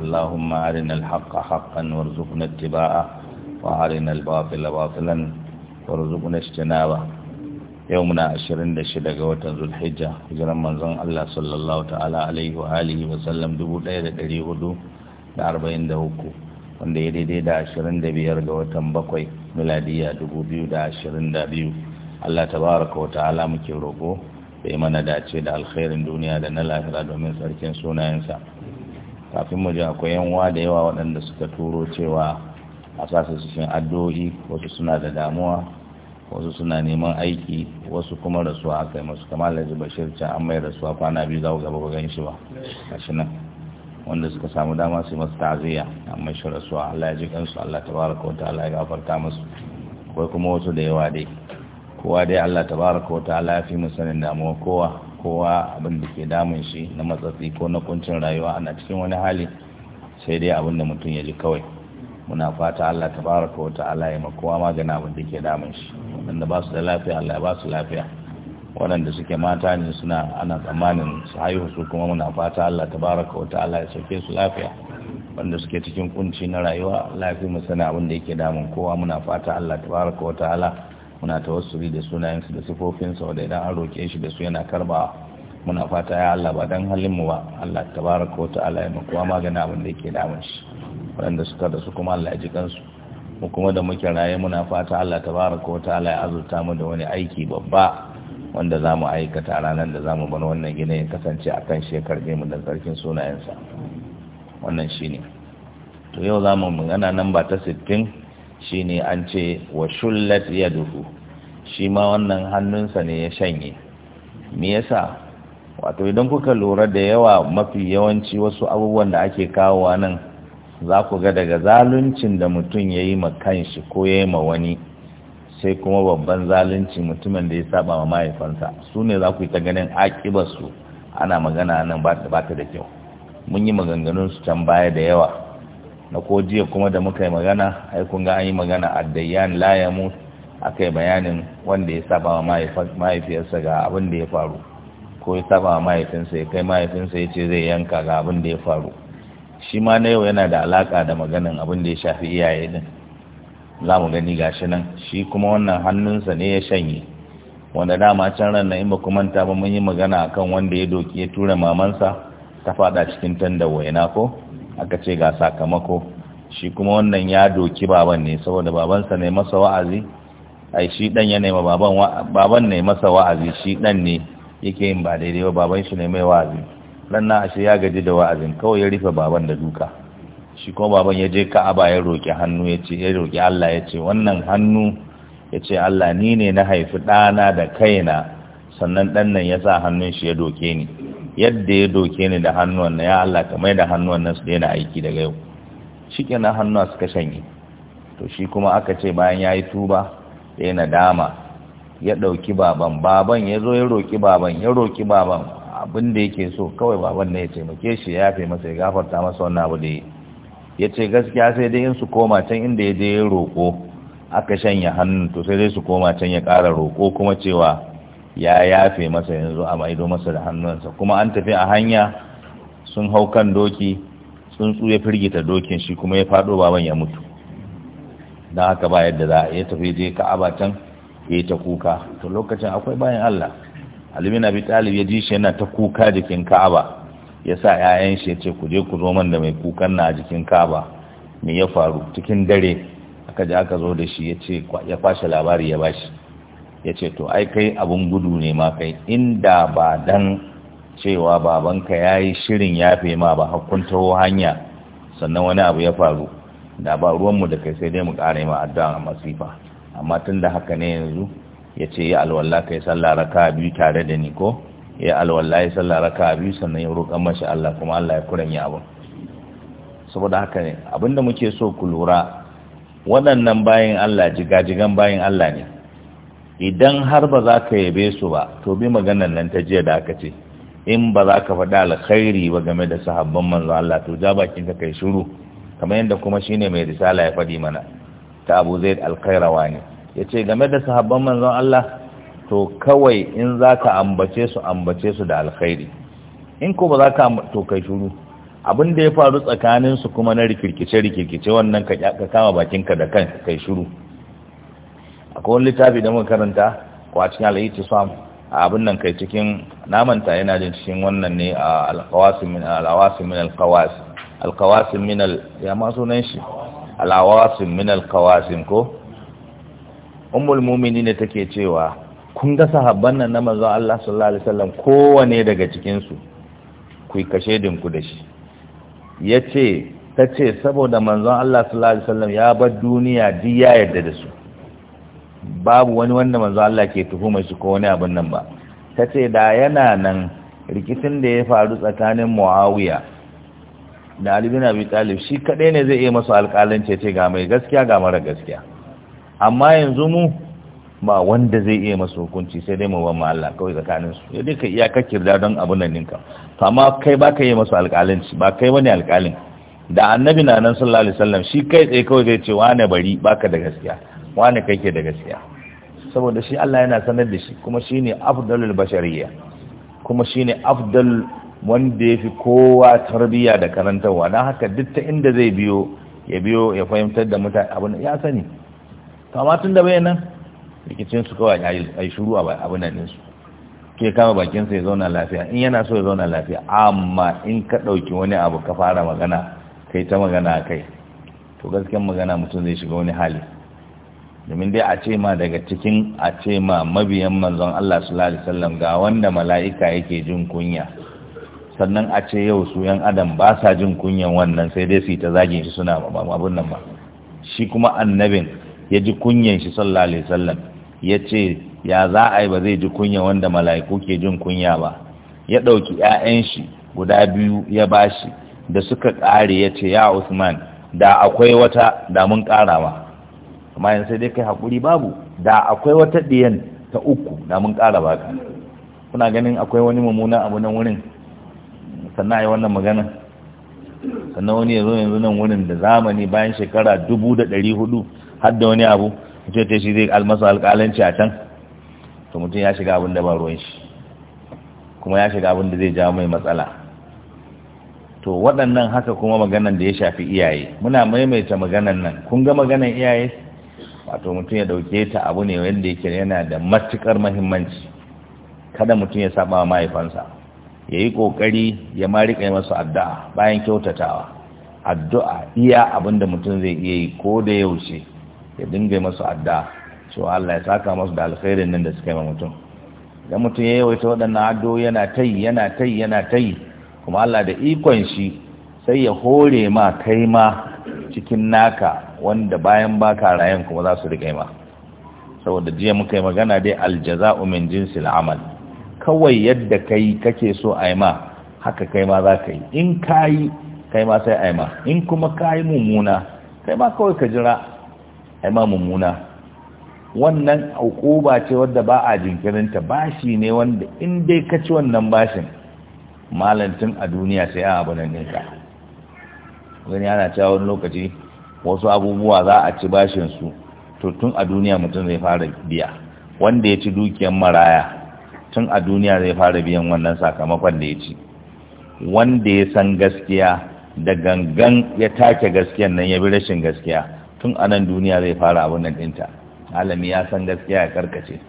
اللهم أرنا الحق حقا وارزقنا اتباعه وأرنا الباطل باطلا وارزقنا اجتنابه يومنا عشرين دشدة قوة ذو الحجة هجرا من زن الله صلى الله تعالى عليه وآله وسلم دبو ليلة دريغدو لأربعين دهوكو wanda ya daidai da ashirin da biyar ga watan bakwai miladiya dubu biyu da ashirin da biyu Allah tabaraka wa ta'ala muke roƙo da mana dace da alkhairin duniya da na lahira domin sarkin sunayensa kafin mu ji akwai yanwa da yawa waɗanda suka turo cewa a sasa cikin addu'o'i wasu suna da damuwa wasu suna neman aiki wasu kuma rasuwa aka yi masu kamar da zuba shirca an mai rasuwa kwana biyu za ku gaba gan shi ba a shi nan wanda suka samu dama su yi masu ta'aziyya an mai shi rasuwa Allah ya ji kansu Allah tabaraka wa allah ya gafarta musu akwai kuma wasu da yawa dai kowa dai Allah tabaraka wa allah ya fi musanin damuwa kowa kowa abin da ke damun shi na matsatsi ko na kuncin rayuwa ana cikin wani hali sai dai abin da mutum ya ji kawai muna fata Allah ta baraka wa ta'ala ya makowa magana abin da ke damun shi wanda ba su da lafiya Allah ba su lafiya waɗanda suke mata ne suna ana tsammanin su haihu su kuma muna fata Allah ta baraka ta ta'ala ya sauke su lafiya wanda suke cikin kunci na rayuwa lafi mu sana abin da yake damun kowa muna fata Allah ta baraka ta ta'ala muna tawassuli da sunayensu da sifofinsa wadda idan an roƙe shi da su yana karba muna fata ya Allah ba dan halin mu ba Allah tabaraka wa ta'ala ya makuwa magana abin da yake damun shi waɗanda suka da su kuma Allah ya ji kansu mu kuma da muke raye muna fata Allah tabaraka wa ta'ala ya azurta mu da wani aiki babba wanda za mu aikata ranar da za mu bar wannan gina ya kasance a kan shekar mu da tsarkin sunayensa wannan shi ne to yau za mu magana nan ba ta sittin Shi ne an ce wa shullat duhu shi ma wannan hannunsa ne ya shanye me yasa wato idan kuka lura da yawa mafi yawanci wasu abubuwan da ake kawowa nan za ku ga daga zaluncin da mutum ya yi ma kanshi ko ya yi ma wani sai kuma babban zalunci mutumin da ya saba ma mahaifansa su ne za ku yi ta ganin akibarsu ana magana nan ba ta da kyau mun yi maganganun can baya da yawa na ko jiya kuma da muka yi magana ai kun ga an yi magana a la ya akai bayanin wanda ya saba wa mahaifiyarsa ga abin da ya faru ko ya saba wa mahaifinsa ya kai mahaifinsa ya ce zai yanka ga abin da ya faru shi ma na yau yana da alaka da maganin abin da ya shafi iyaye din za mu gani gashi nan shi kuma wannan hannunsa ne ya shanye wanda dama can ran na in ba manta ba mun yi magana akan wanda ya doki ya tura mamansa ta faɗa cikin tanda waina ko aka ce ga sakamako shi kuma wannan ya doki baban ne saboda babansa ne masa wa'azi ai shi dan ya nema baban baban ne masa wa'azi shi dan ne yake yin ba daidai ba baban shi ne mai wa'azi dan na ashe ya gaji da wa'azin kawai ya rufe baban da duka shi kuma baban ya je Ka'aba ya roki hannu ya ce ya roki Allah ya ce wannan hannu ya ce Allah ni ne na haifi ɗana da kaina sannan ɗannan nan ya sa hannun shi ya doke ni yadda ya doke ni da hannuwan na ya Allah ka mai da hannuwan nan su daina aiki daga yau shi ke nan hannuwa suka shanye to shi kuma aka ce bayan ya yi tuba da yana dama ya ɗauki baban baban ya zo ya roƙi baban ya roƙi baban abin da yake so kawai baban na ya taimake shi ya yafe masa ya gafarta masa wannan abu da ya ya ce gaskiya sai dai in su koma can inda ya je ya roƙo aka shanya hannu, to sai dai su koma can ya ƙara roƙo kuma cewa ya yafe masa yanzu a maido masa da hannunsa kuma an tafi a hanya sun hau kan doki tsuntsu ya firgita dokin shi kuma ya faɗo baban ya mutu don haka ba yadda za a tafi je ka'aba can ya yi ta kuka to lokacin akwai bayan Allah alimin abi talib ya ji shi yana ta kuka jikin ka'aba ya sa 'ya'yan shi ya ce ku je ku zo man da mai kukan na jikin ka'aba me ya faru cikin dare aka ji aka zo da shi ya ce ya kwashe labari ya bashi ya ce to ai kai abun gudu ne ma kai inda ba dan cewa babanka ya yi shirin yafe ma ba taho hanya sannan wani abu ya faru da ba ruwanmu da kai sai dai mu ƙara ma addu'a masifa amma tun da haka ne yanzu ya ce ya alwallah kai sallah raka biyu tare da ni ko ya alwallah ya sallah raka biyu sannan ya roƙan mashi Allah kuma Allah ya ya abun saboda haka ne abinda muke so ku lura waɗannan bayan Allah jigajigan bayan Allah ne idan har ba za ka yabe su ba to bi maganar nan ta jiya da aka ce in ba za ka faɗa alkhairi ba game da sahabban manzo Allah to ja bakin ka kai shiru kamar yadda kuma shine mai risala ya faɗi mana ta Abu Zaid al-Qayrawani yace game da sahabban manzo Allah to kawai in za ka ambace su ambace su da alkhairi in ko ba za ka to kai shiru abin da ya faru tsakanin su kuma na rikirkice rikirkice wannan ka kama bakin ka da kan kai shiru akwai wani littafi da muka karanta ko a cikin al-ittisam abin nan kai cikin namanta yana jin cikin wannan ne a Alkawasin min al Alkawasin min min al ya ma sunan shi al min al ko ummul mu'minin ne take cewa kun ga sahabban nan na manzon Allah sallallahu alaihi wasallam kowane daga cikin su ku kashe dinku da shi yace ta ce saboda manzon Allah sallallahu alaihi wasallam ya bar duniya ji da su babu wani wanda manzo Allah ke tuhuma shi ko wani abin nan ba tace da yana nan rikicin da ya faru tsakanin Muawiya da Ali bin Abi Talib shi kadai ne zai iya masa alƙalance ce ga mai gaskiya ga mara gaskiya amma yanzu mu ba wanda zai iya masa hukunci sai dai mu ba mu Allah kawai tsakanin su dai ka iya kirda don abun nan ninka to amma kai ba ka yi masa alƙalanci ba kai wani alƙalin da annabi na nan sallallahu alaihi wasallam shi kai tsaye kawai zai ce wane bari baka da gaskiya wani ke da gaskiya saboda shi Allah yana sanar da shi kuma shine afdalul bashariyya kuma shine afdal wanda yafi kowa tarbiyya da karantarwa dan haka duk ta inda zai biyo ya biyo ya fahimtar da mutane abin ya sani to amma tun da bayanan rikicin su kawai ai shuru a abin nan su ke kama bakin sa ya zauna lafiya in yana so ya zauna lafiya amma in ka ɗauki wani abu ka fara magana kai ta magana kai to gaskiyar magana mutum zai shiga wani hali domin dai a ce ma daga cikin a ce ma mabiyan manzon Allah sallallahu alaihi wasallam ga wanda mala'ika yake jin kunya sannan a ce yau su yan adam ba sa jin kunyan wannan sai dai su ta zagin shi suna abun nan ba shi kuma annabin ya ji kunyan shi sallallahu alaihi wasallam ya ce ya za a yi ba zai ji kunya wanda mala'iku ke jin kunya ba ya ɗauki 'ya'yan shi guda biyu ya bashi da suka ƙare ya ce ya Usman da akwai wata da mun ƙara ma amma yanzu sai dai kai hakuri babu da akwai wata diyan ta uku da mun ƙara baka kuna ganin akwai wani mummuna abu nan wurin sannan a yi wannan magana sannan wani ya zo yanzu nan wurin da zamani bayan shekara dubu da ɗari hudu har da wani abu mutum ta shi zai almasa alƙalanci a can to mutum ya shiga abin da ba ruwan shi kuma ya shiga abin da zai jawo mai matsala to waɗannan haka kuma maganan da ya shafi iyaye muna maimaita maganan nan kun ga maganan iyaye wato mutum ya dauke ta abu ne wanda yake yana da matukar mahimmanci kada mutum ya saba wa mahaifansa ya yi kokari ya ma rika masu addu'a bayan kyautatawa addu'a iya abin da mutum zai iya yi ko da yaushe ya dinga masu addu'a cewa Allah ya saka masu da alkhairin nan da suka yi ma mutum idan mutum ya yawaita waɗannan addu'o yana ta yi yana ta yi yana ta yi kuma Allah da ikon shi sai ya hore ma kai ma cikin naka wanda bayan baka rayan kuma za su riƙe ma saboda jiya muka yi magana dai aljaza'u min jinsil amal kawai yadda kai kake so a yi ma haka kai ma za ka yi in ka kai ma sai a in kuma ka yi mummuna kai ma kawai ka jira a yi ma mummuna wannan hukuma ce wadda ba a jinkirinta bashi ne wanda in dai ka ci wannan bashin malantin a duniya sai a abu ninka wani ana cewa wani lokaci wasu abubuwa za a ci bashin su to tun a duniya mutum zai fara biya wanda ya ci dukiyar maraya tun a duniya zai fara biyan wannan sakamakon da ya ci wanda ya san gaskiya da gangan ya take gaskiyan nan ya bi rashin gaskiya tun a nan duniya zai fara abin nan ɗinta Malami ya san gaskiya ya karkace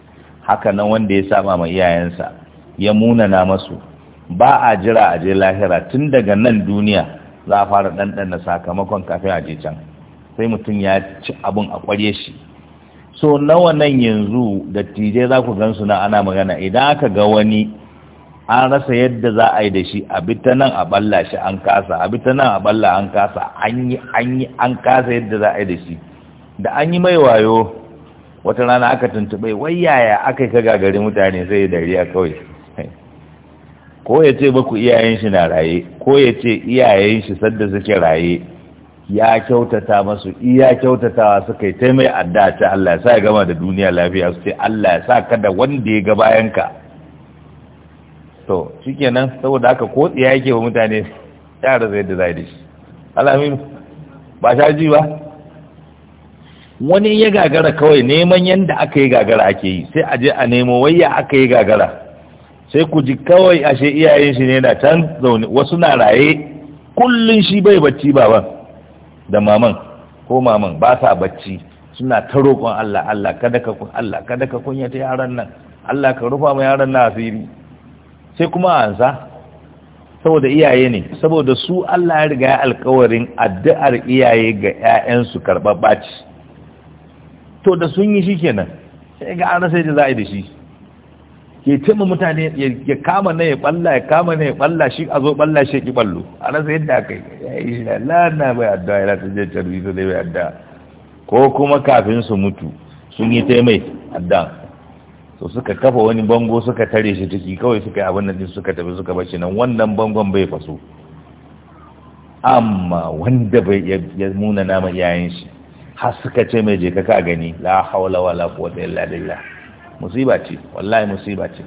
haka nan wanda ya saba ma iyayensa ya munana masu ba a jira a je lahira tun daga nan duniya za a fara ɗanɗana sakamakon kafin a je can sai mutum ya ci abin a ƙware shi so nawa nan yanzu da tije za ku su na ana magana idan aka ga wani an rasa yadda za a yi da shi a bi ta nan a balla shi an kasa a bi ta nan a balla an kasa an yi an yi an kasa yadda za a yi da shi da an yi mai wayo wata rana aka tuntuɓe wai yaya aka yi ka gagari mutane sai dariya kawai ko ya ce baku iyayen shi na raye ko ya ce iyayen shi sadda suke raye ya kyautata masu iya kyautatawa suka yi taimai adda ta Allah ya sa ya gama da duniya lafiya su ce Allah ya sa kada wanda ya ga bayan ka to kenan saboda haka ko tsiya yake wa mutane yara zai da zai da shi alamin ba sha ji ba wani ya gagara kawai neman yadda aka yi gagara ake yi sai a je a nemo wayya aka yi gagara sai ku ji kawai ashe iyayen shi ne na can zaune wasu na raye kullum shi bai bacci baban da maman ko maman ba sa bacci suna ta roƙon Allah Allah kada ka kun Allah kada ka kun yata yaran nan Allah ka rufa mu yaran nan asiri sai kuma ansa saboda iyaye ne saboda su Allah ya riga ya alƙawarin addu'ar iyaye ga 'ya'yansu karɓa baci to da sun yi shikenan sai ga ana sai da za a yi da shi ke ce ma mutane ya kama na ya balla ya kama na ya balla shi a zo balla shi ki ballo a rasa yadda aka yi ya na bai adda ya ta je tarbi to dai bai adda ko kuma kafin su mutu sun yi ta mai adda so suka kafa wani bango suka tare shi ciki kawai suka yi abin nan suka tafi suka bashi nan wannan bangon bai faso amma wanda bai ya muna nama yayin shi har suka ce mai je ka ka gani la hawla wala quwwata illa billah musiba ce wallahi musiba ce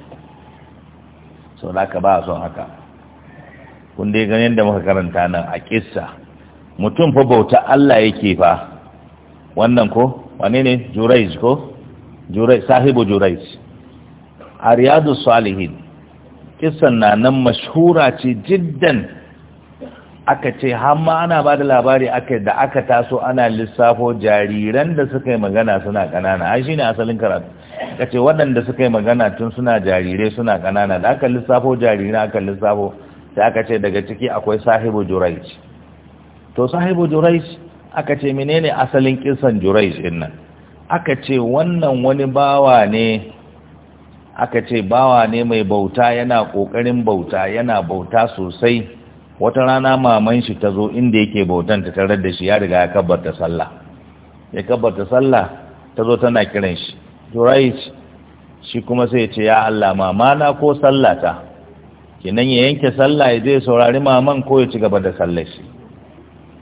sau da aka ba a son haka kun ganin da muka karanta nan a kissa mutum fa bauta Allah yake fa wannan ko wane ne jurais ko jurais sahibu jurais a riyadu salihin kissan na nan mashura ce jiddan aka ce hamma ana ba da labari aka da aka taso ana lissafo jariran da suka yi magana suna ƙanana ai shine asalin karatu ka ce waɗanda suka yi magana tun suna jarirai suna ƙanana da aka lissafo jarirai aka lissafo sai aka ce daga ciki akwai sahibu jurais to sahibu jurais aka ce menene asalin kisan jurais din nan aka ce wannan wani bawa ne aka ce bawa ne mai bauta yana ƙoƙarin bauta yana bauta sosai wata rana maman shi ta zo inda yake bautan ta tarar da shi ya riga ya kabbata sallah ya kabbata sallah ta zo tana kiran shi duraic shi kuma sai ce ya Allah mamana ko sallata kenan ya yanke sallah ya je saurari maman ko ya ci gaba da sallar shi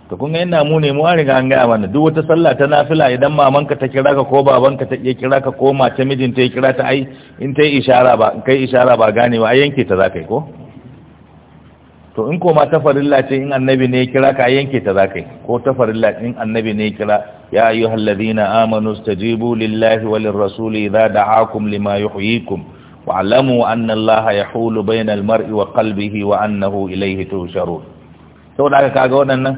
to kun ga ina mu ne mu an riga an gaya mana duk wata sallah ta nafila idan mamanka ta kira ka ko babanka ta kira ka ko mace mijinta ya kira ta ai in ta yi ishara ba kai wa ba ganewa ai yanke ta za ka ko to in koma ta farilla ce in annabi ne ya kira ka yanke ta zakai ko tafarilla in annabi ne ya kira ya ayyuhal ladina amanu stajibu lillahi walir rasuli idza da'akum lima yuhyikum wa'lamu anna allaha yahulu bainal mar'i wa qalbihi wa annahu ilayhi tusharun saboda haka kaga waɗannan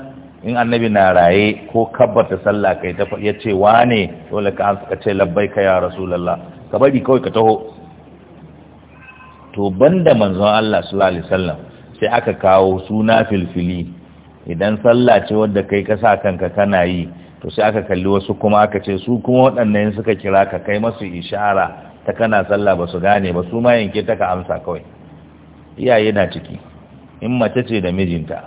in annabi na raye ko kabbata sallah kai ta ya ce wane dole ka ka ce labbaika ya rasulullah ka bari kawai ka taho to banda manzon Allah sallallahu alaihi wasallam sai aka kawo suna filfili idan sallah ce wadda kai ka sa kanka kana yi to sai aka kalli wasu kuma aka ce su kuma waɗannan suka kira ka kai masu ishara ta kana sallah ba su gane ba su ma yanke ta ka amsa kawai iyaye na ciki in mace ce da mijinta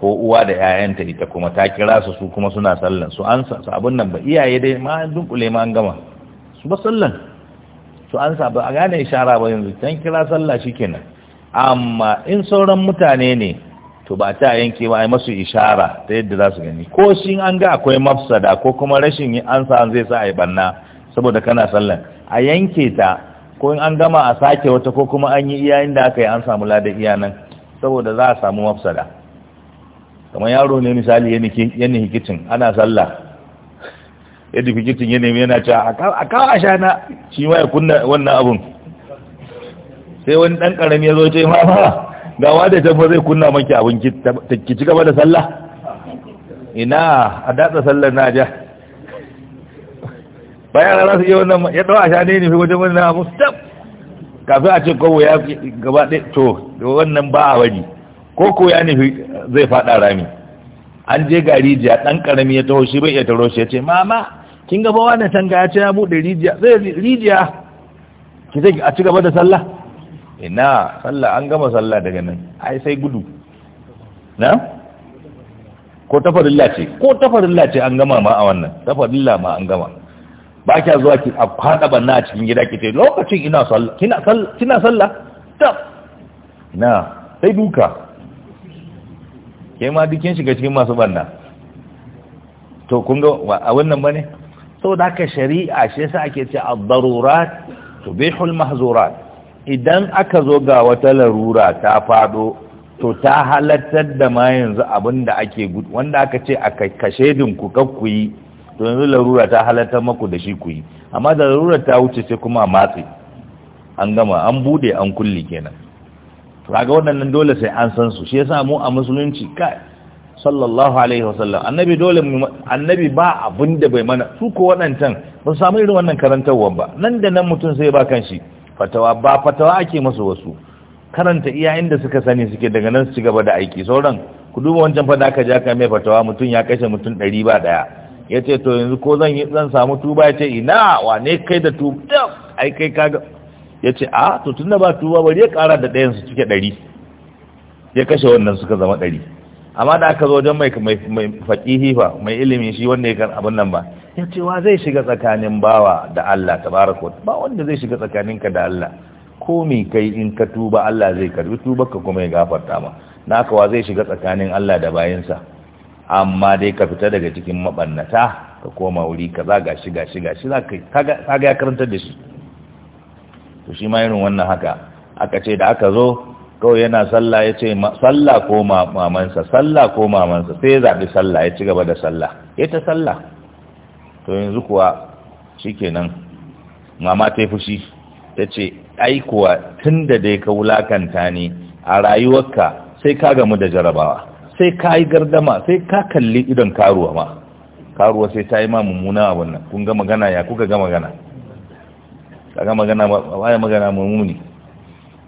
ko uwa da 'ya'yanta ita kuma ta kira su su kuma suna sallan su an sa abin nan ba iyaye dai ma an dunkule ma an gama su ba sallan su an sa ba a gane ishara ba yanzu can kira sallah kenan? amma in sauran mutane ne to ba ta yanke ba ai masu ishara ta yadda za su gani ko shi an ga akwai mafsada ko kuma rashin an sa zai sa ai banna saboda kana sallan a yanke ta ko in an gama a sake wata ko kuma an yi iya inda aka yi an samu lada iya nan saboda za a samu mafsada kamar yaro ne misali ya ni hikicin ana sallah yadda dufi kicin yana cewa a kawo a sha na shi ma ya kunna wannan abun sai wani dan karami ya zo ce mama ga wada tafa zai kunna maki abin ki ci gaba da sallah ina a datsa sallar na ja bayan za su yi wannan ya dawa a shani ne fi wajen wani na stop kafin a ce kowo ya gaba ɗaya to wannan ba a wani ko koya ya nufi zai faɗa rami an je ga rijiya ɗan ƙarami ya taho shi bai iya taro shi ya ce mama kin gaba wani tanga ya ce ya buɗe rijiya zai rijiya ki zai a ci gaba da sallah ina sallah an gama sallah daga nan ai sai gudu na ko tafarilla ce ko tafarilla ce an gama ma a wannan tafarilla ma an gama ba kya zuwa ki a kwada banna a cikin gida ki ce lokacin ina sallah kina sallah kina sallah ta na sai duka kai ma dukin shiga cikin masu banna to kun ga a wannan bane saboda haka shari'a shi yasa ake ce ad-darurat tubihul mahzurat idan aka zo ga wata larura ta fado to ta halartar da ma yanzu abin da ake gudu wanda aka ce a kashe dinku ku yi to yanzu larura ta halattar maku da shi ku yi amma da larura ta wuce sai kuma a matse an gama an bude an kulli kenan raga waɗannan dole sai an san su shi yasa mu a musulunci kai sallallahu alaihi wasallam annabi dole annabi ba abin da bai mana su ko waɗancan ba samu irin wannan karantarwa ba nan da nan mutum sai ba kan shi fatawa ba fatawa ake masu wasu karanta iya inda suka sani suke daga nan su ci gaba da aiki sauran ku duba wancan fada da ja ka mai fatawa mutum ya kashe mutum ɗari ba ɗaya ya ce to yanzu ko zan zan samu tuba ya ce ina wane kai da tuba ai kai kaga ya ce a to tun da ba tuba bari ya kara da ɗayan su cike ɗari ya kashe wannan suka zama ɗari amma da aka zo wajen mai mai faƙihi fa mai ilimin shi wanda ya kan abin nan ba ya cewa zai shiga tsakanin bawa da Allah barako. ba wanda zai shiga tsakaninka da Allah ko me kai in ka tuba Allah zai karbi tubarka kuma ya gafarta ma naka wa zai shiga tsakanin Allah da bayinsa amma dai ka fita daga cikin mabannata ka koma wuri ka zaga shiga-shiga shiga shi za Ka kaga ya karantar da shi to shi ma irin wannan haka aka ce da aka zo kawai yana sallah ya ce sallah ko mamansa sallah ko mamansa sai ya zaɓi sallah ya ci gaba da sallah ya ta sallah to yanzu kuwa shikenan mama ta fushi ta ce ai kuwa tun da dai ka wulakanta ne a rayuwarka sai ka gamu da jarabawa sai ka yi gardama sai ka kalli idan karuwa ma karuwa sai ta yi ma mummuna a wannan kun ga magana ya kuka ga magana kaga magana baya magana mummuni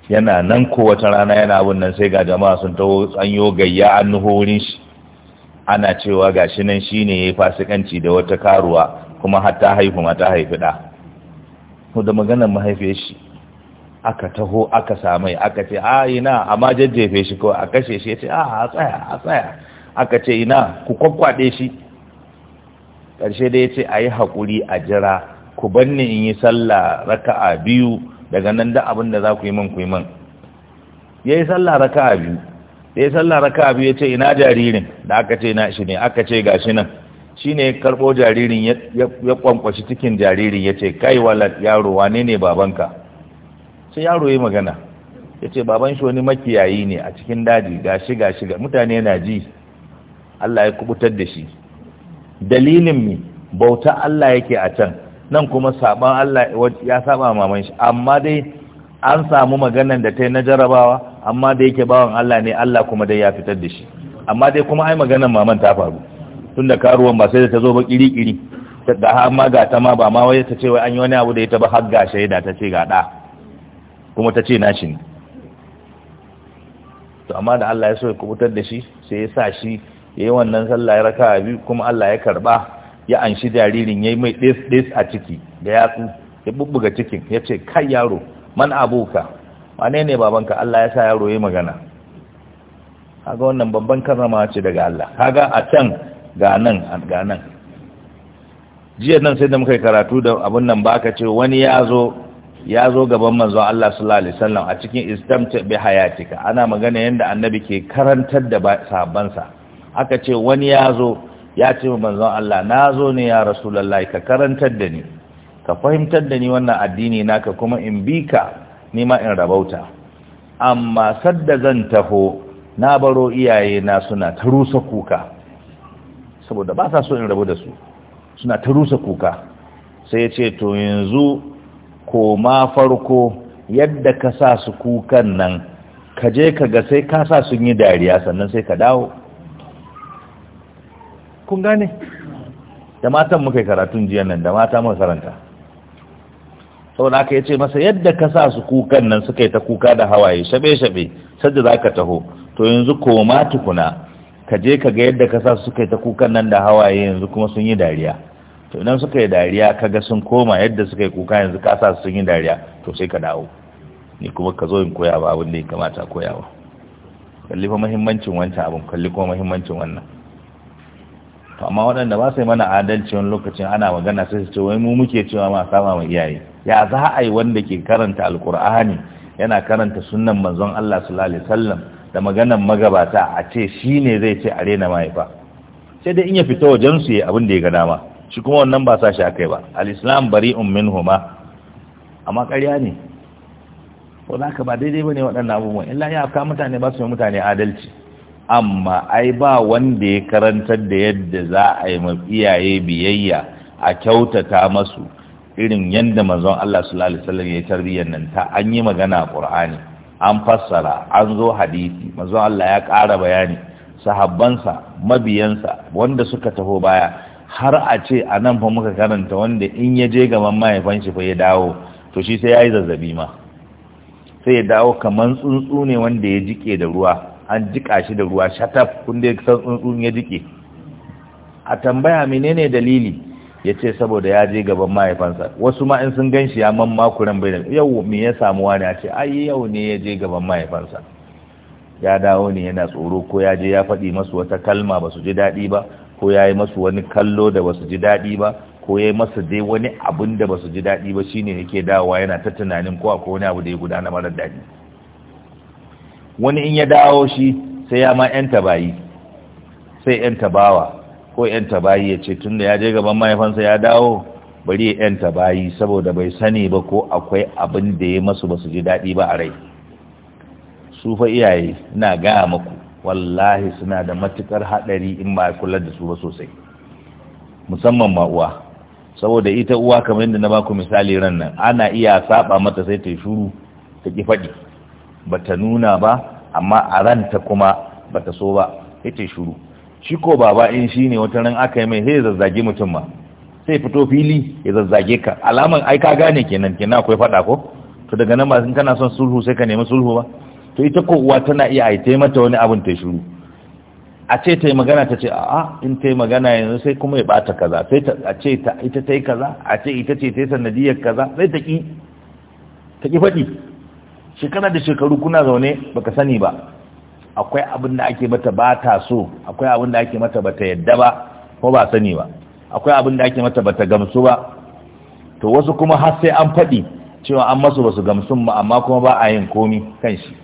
yana nan ko wata rana yana abun nan sai ga jama'a sun taho tsanyo, gayya an wurin shi ana cewa gashi nan shine yayi fasikanci da wata karuwa kuma hata haihu mata haifi da da maganar mahaifiyar shi aka taho aka samai aka ce a ina amma jajjefe shi ko a kashe shi ya ce a tsaya a tsaya aka ce ina ku kwakwade shi ƙarshe da ya ce a yi haƙuri a jira ku banni in yi sallah raka'a biyu daga nan da abin da za ku yi man ku yi man ya yi sallah raka'a biyu da ya sallah raka abu ya ce ina jaririn da aka ce na shi ne aka ce ga shi nan shi ne ya karɓo jaririn ya kwankwashi cikin jaririn ya ce kai wala yaro wane ne babanka sai yaro ya magana ya ce baban shi wani makiyayi ne a cikin daji ga shi ga shi ga mutane na ji Allah ya kubutar da shi dalilin mi bauta Allah yake a can nan kuma saban Allah ya saba maman shi amma dai an samu maganan da ta yi na jarabawa amma da yake bawan Allah ne Allah kuma dai ya fitar da shi amma dai kuma ai maganar maman ta faru tunda karuwan ba sai da ta zo ba kiri kiri da har ma ga ta ma ba ma wai ta ce wai an yi wani abu da ya ba har ga shaida ta ce ga da kuma ta ce na shi to amma da Allah ya so ya kubutar da shi sai ya sa shi yi wannan sallah ya raka biyu kuma Allah ya karba ya anshi jaririn yayi mai dis dis a ciki da yatsu ya bubbuga cikin ya ce kai yaro man abuka wane ne babanka Allah ya sa yaro yi magana haga wannan babban karrama ce daga Allah kaga a can ga nan ga nan jiya nan sai da muka yi karatu da abun nan ba ka ce wani ya zo gaban manzon Allah sallallahu alaihi wasallam a cikin istamta bi hayatika ana magana yanda annabi ke karantar da sahabbansa aka ce wani ya zo ya ce manzon Allah na zo ne ya rasulullahi ka karantar da ni ka fahimtar da ni wannan addini naka kuma in bi ka ni ma in rabauta amma sadda zan taho na baro iyaye na suna ta rusa kuka saboda ba sa so in rabu da su suna ta rusa kuka sai ya ce to yanzu ko ma farko yadda ka sa su kukan nan ka je ka ga sai ka sa sun yi dariya sannan sai ka dawo kun gane da matan muka yi karatun jiyan nan da mata muka karanta saboda aka yace masa yadda ka sa su kukan nan suka yi ta kuka da hawaye shabe shabe sadda ka taho to yanzu koma tukuna ka je ka ga yadda ka sa su suka yi ta kukan nan da hawaye yanzu kuma sun yi dariya to idan suka yi dariya ka ga sun koma yadda suka yi kuka yanzu ka sa su sun yi dariya to sai ka dawo ni kuma ka zo in koya ba abin da ya kamata koyawa kalli fa muhimmancin wancan abin kalli kuma muhimmancin wannan to amma waɗanda ba sai mana adalci wani lokacin ana magana sai su ce wai mu muke cewa ma sama mu iyaye ya za a yi wanda ke karanta alkur'ani yana karanta sunan manzon Allah sallallahu alaihi wasallam da maganan magabata a ce shi ne zai ce a rena mahaifa sai dai in ya fita wajen su yi abin da ya ga dama shi kuma wannan ba sa shi akai ba al-islam bari'un minhuma amma ƙarya ne ko ka ba daidai bane waɗannan abubuwan illa ya ka mutane ba su yi mutane adalci amma ai ba wanda ya karantar da yadda za a yi iyaye biyayya a kyautata masu irin yadda manzon Allah sallallahu alaihi wasallam yi tarbiyyar nan ta an yi magana Qur'ani an fassara an zo hadisi manzon Allah ya ƙara bayani sahabbansa mabiyansa wanda suka taho baya har a ce a nan fa muka karanta wanda in ya je gaban mahaifan shi fa ya dawo to shi sai ya yi zazzabi ma sai ya dawo kamar tsuntsu ne wanda ya jike da ruwa an jika shi da ruwa shataf kun da ya san tsuntsu ya jike a tambaya menene dalili ya ce saboda ya je gaban mahaifansa wasu ma in sun gan shi ya man makuran bai da yau me ya samu wani a ce ai yau ne ya je gaban mahaifansa ya dawo ne yana tsoro ko ya je ya faɗi masu wata kalma ba su ji daɗi ba ko ya yi masu wani kallo da ba su ji daɗi ba ko ya yi masu dai wani abin da ba su ji daɗi ba shine yake dawowa yana ta tunanin ko akwai wani abu da ya gudana marar daɗi wani in ya dawo shi sai ya ma 'yan tabayi sai 'yan tabawa ko yan tabayi ya ce tunda ya je gaban mahaifansa ya dawo bari ya yan tabayi saboda bai sani ba ko akwai abin da ya masu basu ji daɗi ba a rai su fa iyaye na gaya maku wallahi suna da matukar haɗari in ba kula da su ba sosai musamman ma uwa saboda ita uwa kamar yadda na baku misali ran nan ana iya saba mata sai ta shuru ta ki faɗi bata nuna ba amma a ranta kuma bata so ba sai ta shuru shi ko baba in shi ne wata ran aka yi mai zai zazzage mutum ma sai fito fili ya zazzage ka alaman ai ka gane kenan kenan akwai faɗa ko to daga nan ba sun kana son sulhu sai ka nemi sulhu ba to ita ko uwa tana iya tai mata wani abin ta shiru a ce ta yi magana ta ce a'a in ta yi magana yanzu sai kuma ya bata kaza sai a ce ita ta yi kaza a ce ita ce ta yi sanadiyar kaza sai ta ki ta ki faɗi shekara da shekaru kuna zaune baka sani ba akwai abin da ake mata ba ta so akwai abin da ake mata bata yadda ba ko ba sani ba akwai abin da ake mata bata gamsu ba to wasu kuma har sai an faɗi cewa an masu ba su gamsu ba amma kuma ba a yin komi kan shi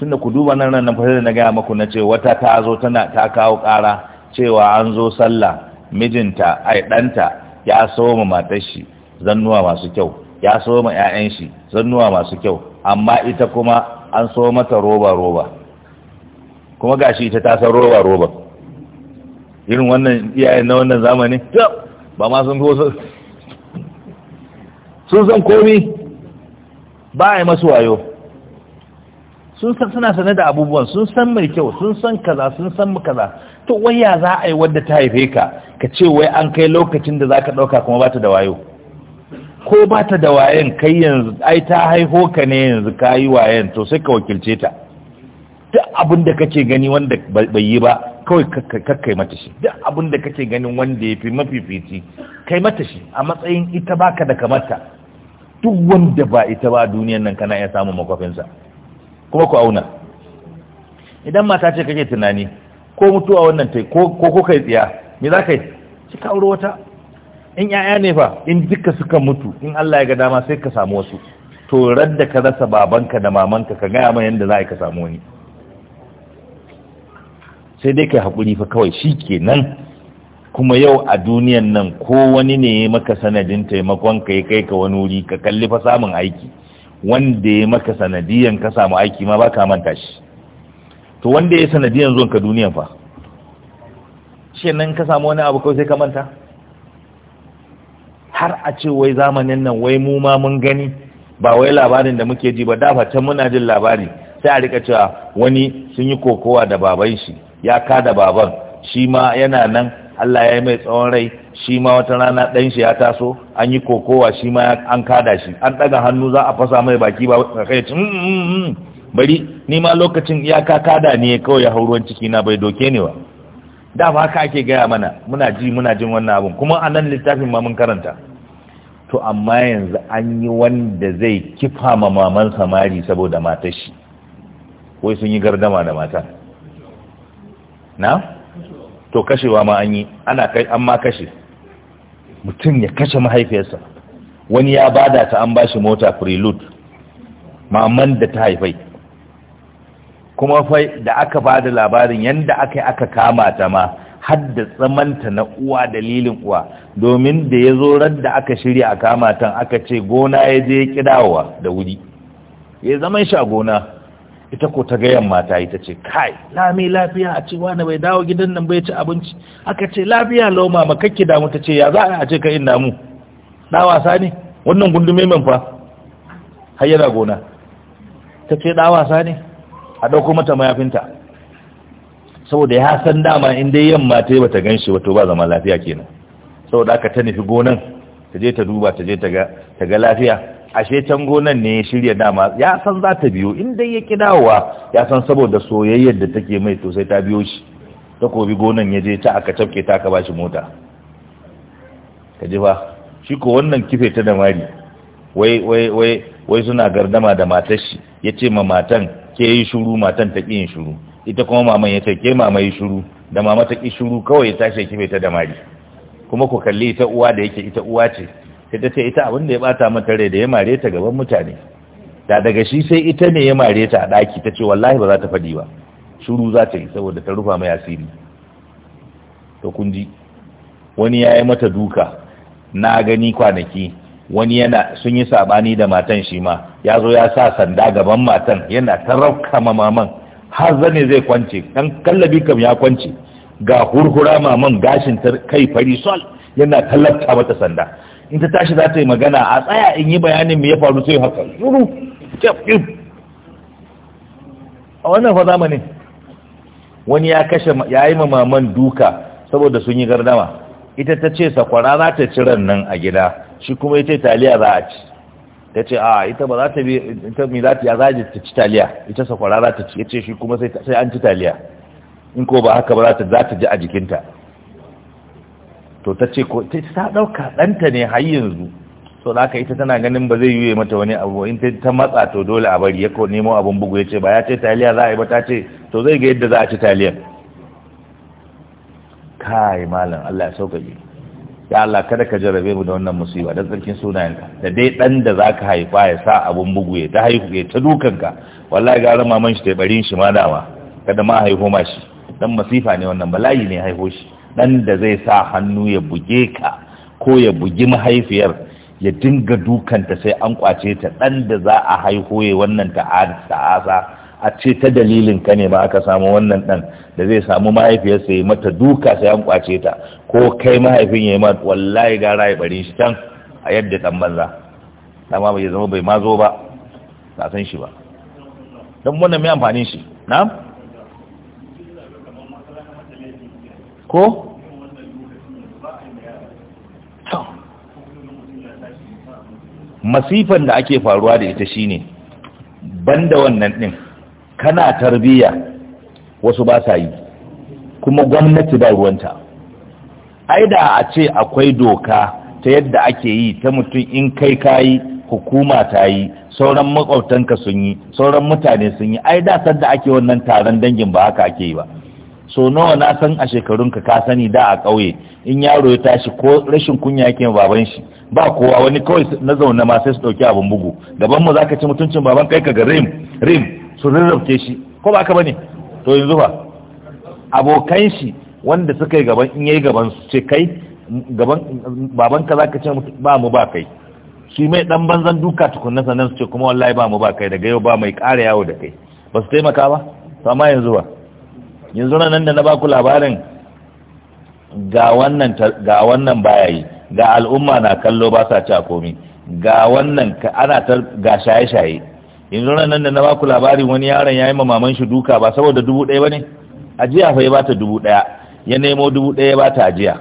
tunda ku duba nan nan da na gaya maku na ce wata ta zo tana ta kawo ƙara cewa an zo sallah mijinta ai ɗanta ya sawo ma matar shi zannuwa masu kyau ya sawo ma 'ya'yan shi zannuwa masu kyau amma ita kuma an sawo mata roba roba kuma gashi ita ta san roba roba irin wannan iyayen na wannan zamani ba ma sun sun san komi ba a yi masu wayo sun san suna sane da abubuwan sun san mai kyau sun san kaza sun san kaza to waya za a yi wadda ta haife ka ka ce wai an kai lokacin da za ka ɗauka kuma ba ta da wayo ko ba ta da wayan kai yanzu ai ta haifo ka ne yanzu ka yi wayan to sai ka wakilce ta duk abin da kake gani wanda bai yi ba kawai kakkai mata shi duk abin da kake ganin wanda ya fi mafifici kai mata shi a matsayin ita baka da kamata duk wanda ba ita ba duniyan nan kana iya samun makwafinsa kuma ku auna idan mata ce kake tunani ko mutuwa wannan ta ko ko kai tsiya me za ka yi ki ka aure wata in yaya ne fa in duka suka mutu in Allah ya ga dama sai ka samu wasu to radda ka rasa babanka da mamanka ka gaya ma yanda za ka samu wani sai dai kai haƙuri fa kawai shi kenan kuma yau a duniyan nan ko wani ne ya maka sanadin taimakon ka yi kai ka wani wuri ka kalli fa samun aiki wanda ya maka sanadiyan ka samu aiki ma baka manta shi to wanda ya sanadiyan zuwan ka duniyan fa shi nan ka samu wani abu kawai sai ka manta har a ce wai zamanin nan wai mu ma mun gani ba wai labarin da muke ji ba dafa can muna jin labari sai a rika cewa wani sun yi kokowa da baban shi ya kada baban shi ma yana nan Allah ya yi mai tsawon rai shi ma wata rana ɗan shi ya taso an yi kokowa shi ma an kada shi an ɗaga hannu za a fasa mai baki ba kai ci mm, mm, mm, bari ni ma lokacin ya ka kada ne kawai ya hau ruwan ciki na bai doke ne ba da ba haka ake gaya mana muna ji muna jin wannan abun kuma a nan littafin ma mun karanta to amma yanzu an yi wanda zai kifa ma maman samari saboda matar shi wai sun yi gardama da matar na to kashewa ma an yi ana kai an ma kashe mutum ya kashe mahaifiyarsa wani ya bada ta an bashi mota prelude maman da ta haifai kuma fai da aka bada labarin yanda aka yi aka kama ta ma har da tsamanta na uwa dalilin uwa domin da ya zo da aka shirya a kamatan aka ce gona ya je kidawa da wuri ya zama shi gona ita ko ta gayan mata ita ce kai lami lafiya a ce wani bai dawo gidan nan bai ci abinci aka ce lafiya lau mama kakki damu ta ce ya za a ce ka in damu na wasa ne wannan gundume man fa har yana gona ta ce da wasa ne a ɗauko mata mayafinta saboda ya san dama in dai yamma ta yi bata gan shi to ba zama lafiya kenan saboda aka ta nufi gonan ta je ta duba ta je ta ga lafiya ashe can gonan ne ya shirya dama ya san za ta biyo in dai ya ki dawowa ya san saboda soyayyar da take mai to sai ta biyo shi ta kobi gonan ya je ta aka cafke ta aka bashi mota ka ji ba shi ko wannan kife ta da mari wai wai wai wai suna gardama da matar shi ya ce ma matan ke yi shuru matan ta ƙi yin shuru ita kuma maman ya ce ke mama yi shuru da mama ta ƙi shuru kawai ya shi kife ta da mari kuma ku kalli ita uwa da yake ita uwa ce sai ta ce ita abin da ya bata mata rai da ya mare ta gaban mutane da daga shi sai ita ne ya mare ta a daki ta ce wallahi ba za ta faɗi ba shuru za ta yi saboda ta rufa mai asiri to kun wani ya yi mata duka na gani kwanaki wani yana sun yi sabani da matan shi ma ya zo ya sa sanda gaban matan yana ta rauka maman har zane zai kwance ɗan kallabi kam ya kwance ga hurhura maman gashin kai fari sol yana talabta mata sanda in ta tashi za ta yi magana a tsaya in yi bayanin me ya faru sai haka shuru a wannan fa zamanin wani ya kashe ya yi ma maman duka saboda sun yi gardama ita ta ce sakwara za ta ci ran nan a gida shi kuma ya ce taliya za a ci ta ce a ita ba za ta bi ita mi za ta ya za ta ci taliya ita sakwara za ta ci ya ce shi kuma sai an ci taliya in ko ba haka ba za ta ji a jikinta to ta ce ko ta ɗauka ɗanta ne har yanzu so da aka ita tana ganin ba zai yiwuwa mata wani abu in ta matsa to dole a bari ya ko nemo abun bugu ya ce ba ya ce taliya za a yi ba ta ce to zai ga yadda za a ci taliya kai malam Allah ya sauƙaƙe ya Allah kada ka jarrabe mu da wannan musiba da tsarkin sunayenka da dai dan da zaka haifa ya sa abun bugu ya ta haihu ya ta dukanka wallahi ga maman shi ta barin shi ma dama kada ma haifo ma shi dan masifa ne wannan bala'i ne haifo shi ɗan da zai sa hannu ya buge ka ko ya bugi mahaifiyar ya dinga dukanta sai an kwace ta ɗan da za a ya wannan ta'asa a ce ta dalilin ka ne ba aka samu wannan ɗan da zai samu mahaifiyarsa ya mata duka sai an kwace ta ko kai mahaifin ya yi mata wallahi gara ya bari shi can a yadda dan banza dama bai zama bai ma zo ba ba san shi ba don wannan mai amfanin shi na'am ko? masifan da ake faruwa da ita shine banda wannan din kana tarbiyya wasu ba sa yi kuma gwamnati ba ruwanta ai da a ce akwai doka ta yadda ake yi ta mutum in kai kayi hukuma ta yi sauran makwabtanka sun yi sauran mutane sun yi ai da sanda ake wannan taron dangin ba haka ake yi ba so nawa na san a shekarunka ka sani da a ƙauye in yaro ya tashi ko rashin kunya yake baban shi ba kowa wani kawai na zaune ma sai su ɗauki abin bugu gaban mu zaka ci mutuncin baban kai ga rim rim su rarrabke shi ko ba ka bane to yanzu fa abokan shi wanda suka yi gaban in yayi gaban su ce kai gaban baban ka zaka ce ba mu ba kai shi mai dan banzan duka tukunna sanan su ce kuma wallahi ba mu ba kai daga yau ba mai ƙara yawo da kai ba su taimaka ba to amma yanzu ba yanzu nan da na baku labarin ga wannan ga wannan yi ga al'umma na kallo ba sa ci komi ga wannan ana ta ga shaye-shaye yanzu nan da na baku labarin wani yaron ya yi maman shi duka ba saboda dubu ɗaya ba ne ajiya fa ya ba ta dubu ɗaya ya nemo dubu ɗaya ya ba ta ajiya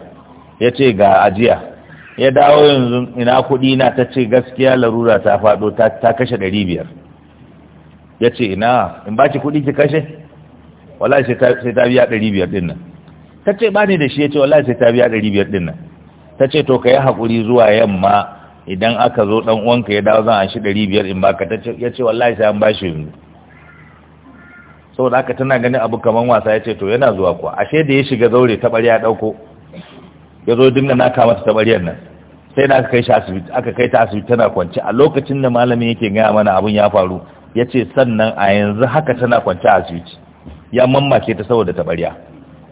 ya ce ga ajiya ya dawo yanzu ina kuɗi na ta ce gaskiya larura ta faɗo ta kashe ɗari biyar ya ce ina in ba ki kuɗi ki kashe wallahi sai ta biya ɗari biyar ɗin nan ta ce ba ni da shi ya ce wallahi sai ta biya ɗari biyar ɗin nan ta ce to ka yi haƙuri zuwa yamma idan aka zo ɗan uwanka ya dawo zan a shi ɗari biyar in baka ta ce ya ce wallahi sai an ba shi yanzu saboda haka tana ganin abu kaman wasa ya ce to yana zuwa kuwa ashe da ya shiga zaure ta ɓarya ɗauko ya zo dinga na kama ta taɓaryar nan sai da aka kai shi asibiti aka kai ta asibiti tana kwance a lokacin da malamin yake gaya mana abun ya faru ya ce sannan a yanzu haka tana kwance a asibiti ya mammace ta saboda tabariya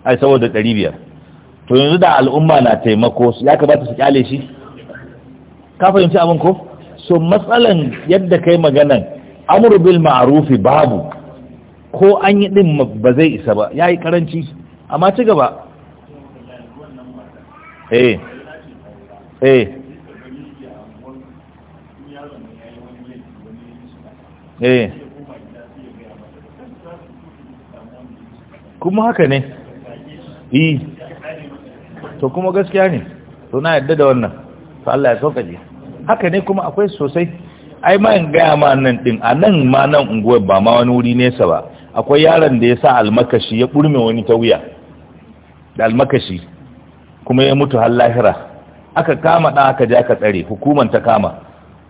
ai saboda biyar. to yanzu da al'umma na taimako ya kamata su kyale shi ka fahimci abin ko so matsalan yadda kai maganan amru bil ma'rufi babu ko an yi din ba zai isa ba yayi karanci amma ci gaba eh eh eh kuma haka ne yi e. to kuma gaskiya ne to na yadda da wannan to Allah ya saukaje haka ne kuma akwai sosai ai ma in gaya ma nan din a nan ma nan unguwar ba ma wani wuri nesa ba akwai yaron da ya sa almakashi ya burme wani ta wuya da almakashi kuma ya mutu har lahira aka kama ɗan aka ja ka tsare hukuman ta kama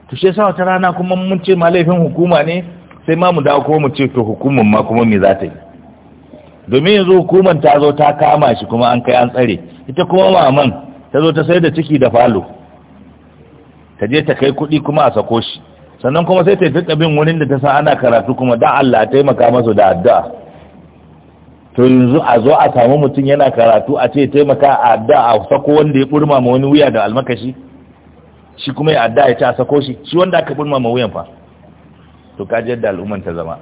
to shi sa wata rana kuma mun ce ma laifin hukuma ne sai ma mu dawo kuma mu ce to hukuman ma kuma me za ta yi domin yanzu hukumar ta zo ta kama shi kuma an kai an tsare ita kuma maman ta zo ta sai da ciki da falo ta je ta kai kuɗi kuma a sako shi sannan kuma sai ta yi ta bin wurin da ta san ana karatu kuma da Allah taimaka masu da addu'a to yanzu a zo a samu mutum yana karatu a ce taimaka a addu'a a sako wanda ya burma ma wani wuya da almakashi shi kuma ya addu'a ya ce a sako shi shi wanda aka burma ma wuyan fa to kaji yadda al'umman ta zama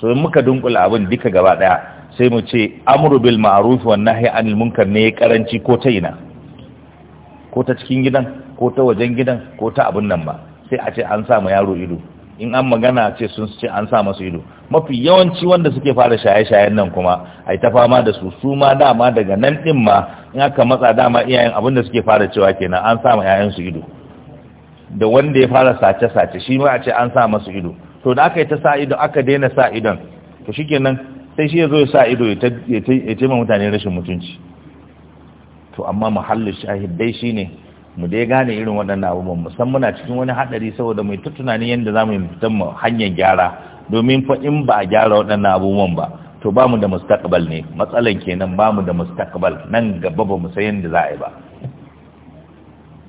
so in muka dunkula abin duka gaba daya sai mu ce amru bil ma'ruf wan nahyi anil munkar ne karanci ko ta ina ko ta cikin gidan ko ta wajen gidan ko ta abin nan ba sai a ce an sa ma yaro ido in an magana ce sun ce an sa masu ido mafi yawanci wanda suke fara shaye-shayen nan kuma ai ta fama da su su ma dama daga nan din ma in aka matsa dama iyayen abin da suke fara cewa kenan an sa ma yayan ido da wanda ya fara sace-sace shi ma a ce an sa masu ido to da aka yi ta sa aka daina sa idon to kenan sai shi ya zo ya sa ido ya ce ma mutane rashin mutunci to amma mahallin shahidai ne mu dai gane irin waɗannan abubuwan musamman a cikin wani haɗari saboda mai ta tunanin yadda za mu yi fitan mu hanyar gyara domin fa ba a gyara waɗannan abubuwan ba to ba mu da mustaqbal ne matsalan kenan ba mu da mustaqbal nan gaba ba mu san yadda za a yi ba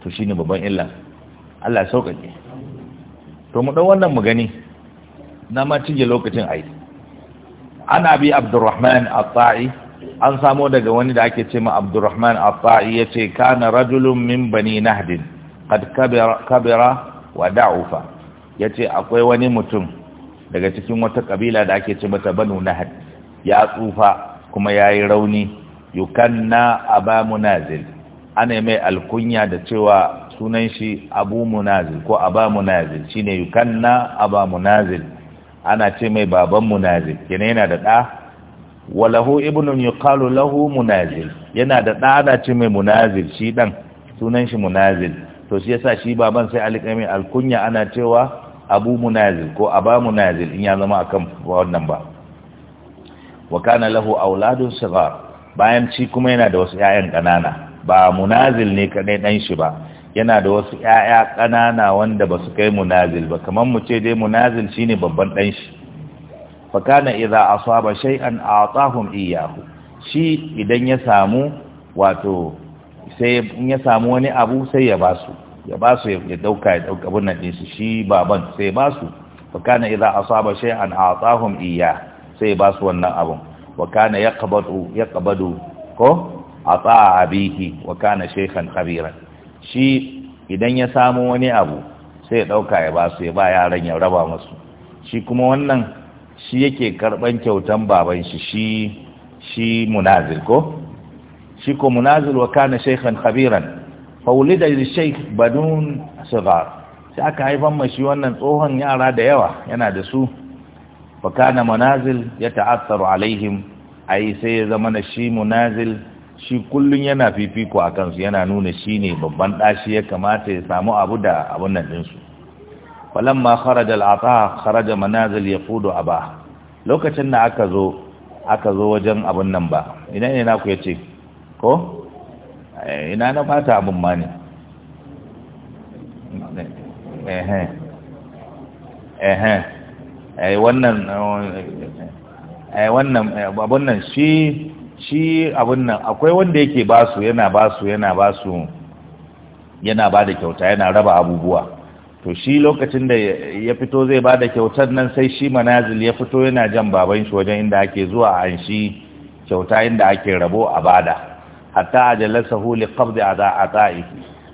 to ne babban illa Allah ya sauƙaƙe to mu ɗau wannan mu gani na macije lokacin aiki. ana bi abdurrahman al tai an samo daga wani da ake ce ma abdurrahman al tai yace kana rajulun min bani nahdin kad kabira kabira wa da'ufa yace akwai wani mutum daga cikin wata kabila da ake ce mata banu nahd ya tsufa kuma yayi rauni yukanna aba munazil ana mai alkunya da cewa sunan shi abu munazil ko aba munazil shine yukanna aba munazil ana ce mai baban munazil kenan yana da ɗa walahu ibnun yuqalu lahu munazil yana da ɗa ana ce mai munazil shi ɗan sunan shi munazil to shi yasa shi baban sai alƙami alkunya ana cewa abu munazil ko aba munazil in ya zama akan wannan ba wa kana lahu auladun sigar bayan ci kuma yana da wasu 'ya'yan ƙanana ba munazil ne kadai dan shi ba yana da wasu ƴaƴa ƙanana wanda ba su kai munazil ba kamar mu ce dai munazil ne babban ɗan shi fa kana idza asaba shay'an atahum iyyahu shi idan ya samu wato sai in ya samu wani abu sai ya basu ya basu ya dauka ya dauka abun nan su shi baban sai basu fa kana idza asaba shay'an atahum iyyah sai basu wannan abun wa kana yaqbadu yaqbadu ko ata abihi wa kana shaykhan khabiran shi idan ya samu wani abu sai ya ɗauka ya ba su ya ba yaran ya raba masu shi kuma wannan shi yake karɓan kyautan baban shi shi shi munazil ko shi ko munazil wa kana shaykhan khabiran faulida shaykh badun sigar sai aka haifan mashi wannan tsohon yara da yawa yana da su fa kana munazil ya ta'assaru alaihim ai sai ya zama na shi munazil shi kullun yana fifiko a kansu yana nuna shi ne babban ɗashi ya kamata ya samu abu da abun nan ɗinsu ma kharaja al'ata kharaja manazil a ba lokacin na aka zo aka zo wajen abun nan ba ina ne naku ce, ko eh, ina na fata abun ma ne ehe ehe eh, wannan eh wannan eh, abun nan shi shi abin nan akwai wanda yake ba su yana ba su yana ba su yana ba da kyauta yana raba abubuwa to shi lokacin da ya fito zai ba da kyautar nan sai shi manazil ya fito yana jan baban shi wajen inda ake zuwa an shi kyauta inda ake rabo a bada hatta a li qabdi adaa'i